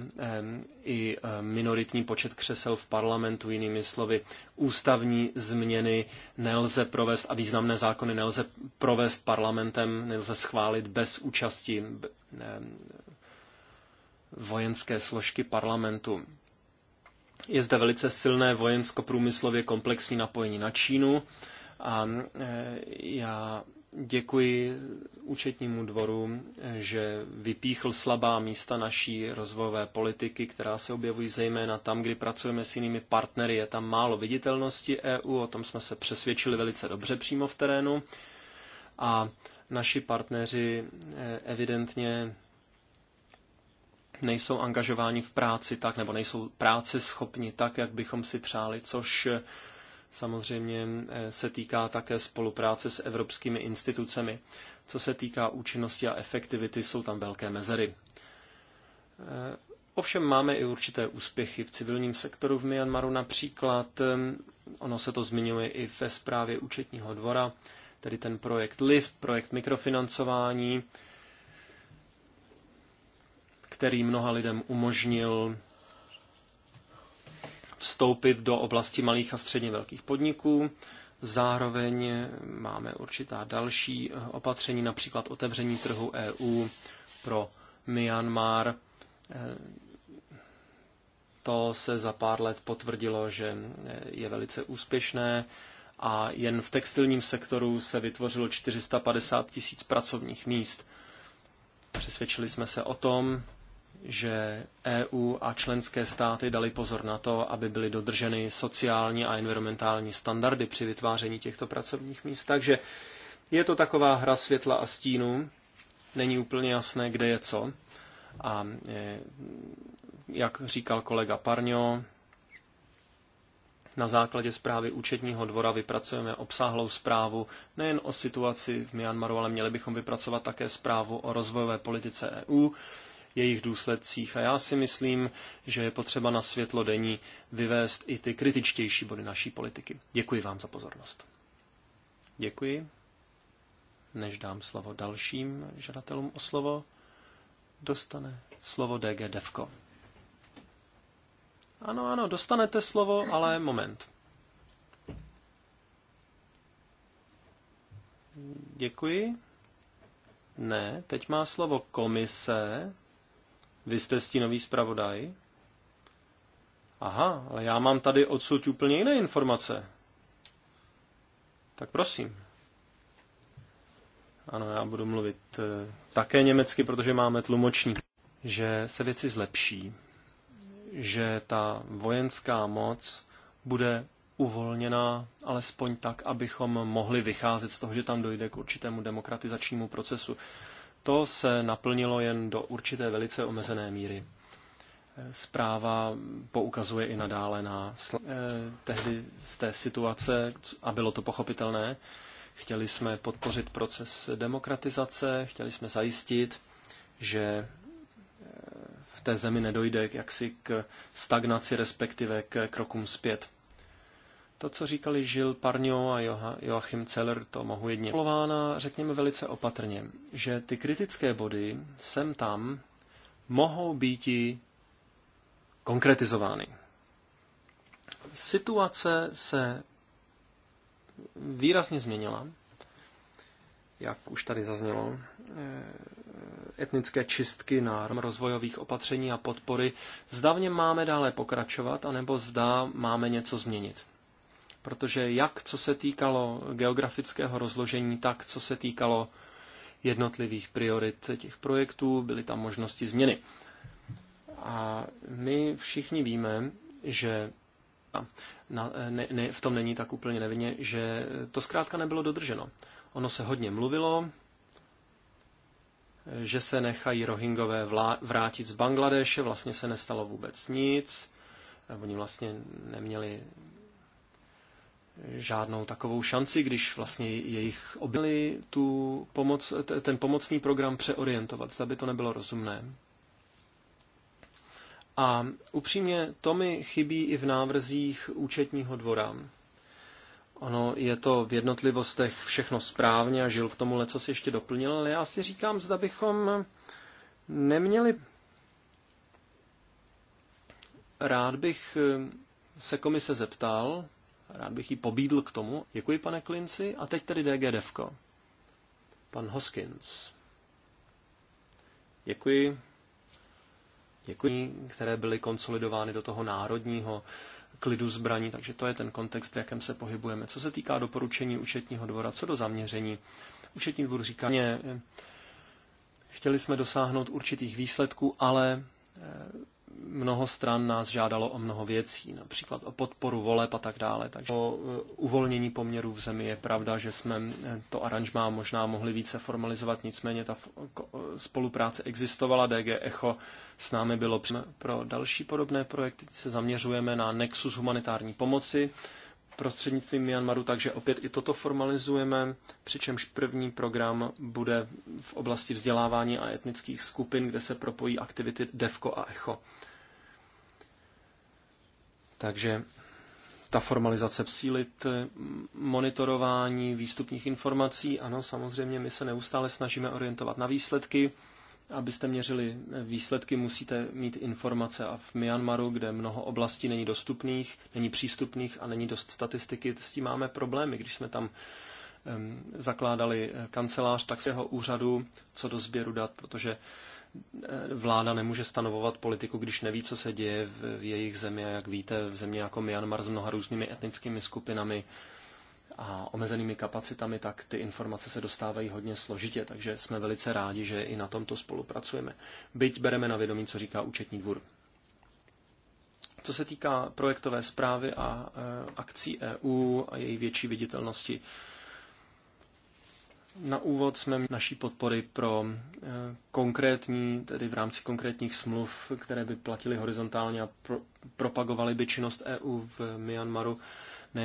i minoritní počet křesel v parlamentu, jinými slovy, ústavní změny nelze provést a významné zákony nelze provést parlamentem, nelze schválit bez účasti vojenské složky parlamentu. Je zde velice silné vojensko-průmyslově komplexní napojení na Čínu a já Děkuji účetnímu dvoru, že vypíchl slabá místa naší rozvojové politiky, která se objevují zejména tam, kdy pracujeme s jinými partnery. Je tam málo viditelnosti EU, o tom jsme se přesvědčili velice dobře přímo v terénu. A naši partneři eh, evidentně nejsou angažováni v práci tak, nebo nejsou práce schopni tak, jak bychom si přáli, což samozřejmě eh, se týká také spolupráce s evropskými institucemi. Co se týká účinnosti a efektivity, jsou tam velké mezery. Eh, ovšem máme i určité úspěchy v civilním sektoru v Myanmaru. Například, eh, ono se to zmiňuje i ve zprávě účetního dvora, tedy ten projekt LIFT, projekt mikrofinancování, který mnoha lidem umožnil vstoupit do oblasti malých a středně velkých podniků. Zároveň máme určitá další eh, opatření, například otevření trhu EU pro Myanmar. Eh, to se za pár let potvrdilo, že eh, je velice úspěšné a jen v textilním sektoru se vytvořilo 450 tisíc pracovních míst. Přesvědčili jsme se o tom, že EU a členské státy dali pozor na to, aby byly dodrženy sociální a environmentální standardy při vytváření těchto pracovních míst. Takže je to taková hra světla a stínu, není úplně jasné, kde je co. A e, jak říkal kolega Parňo, na základě zprávy účetního dvora vypracujeme obsáhlou zprávu nejen o situaci v Myanmaru, ale měli bychom vypracovat také zprávu o rozvojové politice EU, jejich důsledcích. A já si myslím, že je potřeba na světlo denní vyvést i ty kritičtější body naší politiky. Děkuji vám za pozornost. Děkuji. Než dám slovo dalším žadatelům o slovo, dostane slovo DG Devko. Ano, ano, dostanete slovo, ale moment. Děkuji. Ne, teď má slovo komise vy jste stínový zpravodaj? Aha, ale já mám tady odsud úplně jiné informace. Tak prosím. Ano, já budu mluvit eh, také německy, protože máme tlumočník. Že se věci zlepší, že ta vojenská moc bude uvolněná, alespoň tak, abychom mohli vycházet z toho, že tam dojde k určitému demokratizačnímu procesu to se naplnilo jen do určité velice omezené míry. Zpráva poukazuje i nadále na eh, tehdy z té situace, a bylo to pochopitelné, chtěli jsme podpořit proces demokratizace, chtěli jsme zajistit, že eh, v té zemi nedojde jaksi k stagnaci, respektive k krokům zpět. To, co říkali Žil Parňo a Joachim Celler, to mohu jedně polována, řekněme velice opatrně, že ty kritické body sem tam mohou být konkretizovány. Situace se výrazně změnila, jak už tady zaznělo, eh, etnické čistky na rozvojových opatření a podpory. Zdavně máme dále pokračovat, anebo zdá máme něco změnit protože jak co se týkalo geografického rozložení, tak co se týkalo jednotlivých priorit těch projektů, byly tam možnosti změny. A my všichni víme, že na, ne, ne, v tom není tak úplně nevinně, že to zkrátka nebylo dodrženo. Ono se hodně mluvilo, že se nechají rohingové vlá, vrátit z Bangladeše, vlastně se nestalo vůbec nic, oni vlastně neměli žádnou takovou šanci, když vlastně jejich obyli tu pomoc, ten pomocný program přeorientovat, zda by to nebylo rozumné. A upřímně, to mi chybí i v návrzích účetního dvora. Ono je to v jednotlivostech všechno správně a žil k tomu leco si ještě doplnil, ale já si říkám, zda bychom neměli. Rád bych se komise zeptal, Rád bych ji pobídl k tomu. Děkuji, pane Klinci. A teď tedy DG Devko. Pan Hoskins. Děkuji. Děkuji, které byly konsolidovány do toho národního klidu zbraní, takže to je ten kontext, v jakém se pohybujeme. Co se týká doporučení účetního dvora, co do zaměření, účetní dvůr říká, eh, chtěli jsme dosáhnout určitých výsledků, ale eh, mnoho stran nás žádalo o mnoho věcí, například o podporu voleb a tak dále. Takže o e, uvolnění poměrů v zemi je pravda, že jsme e, to aranžmá možná mohli více formalizovat, nicméně ta e, spolupráce existovala. DG Echo s námi bylo pro další podobné projekty. Se zaměřujeme na nexus humanitární pomoci, prostřednictvím Myanmaru, takže opět i toto formalizujeme, přičemž první program bude v oblasti vzdělávání a etnických skupin, kde se propojí aktivity DEVKO a ECHO. Takže ta formalizace psílit eh, monitorování výstupních informací, ano, samozřejmě my se neustále snažíme orientovat na výsledky, Abyste měřili výsledky, musíte mít informace a v Myanmaru, kde mnoho oblastí není dostupných, není přístupných a není dost statistiky, s tím máme problémy. Když jsme tam zakládali eh, kancelář tak jeho úřadu co do sběru dat, protože eh, vláda nemůže stanovovat politiku, když neví, co se děje v jejich zemi. A jak víte, v země jako Myanmar s mnoha různými etnickými skupinami a omezenými kapacitami, tak ty informace se dostávají hodně složitě, takže jsme velice rádi, že i na tomto spolupracujeme. Byť bereme na vědomí, co říká účetní dvůr. Co se týká projektové zprávy a eh, akcí EU a její větší viditelnosti, na úvod jsme naší podpory pro eh, konkrétní, tedy v rámci konkrétních smluv, které by platily horizontálně a pro, propagovaly by činnost EU v Myanmaru,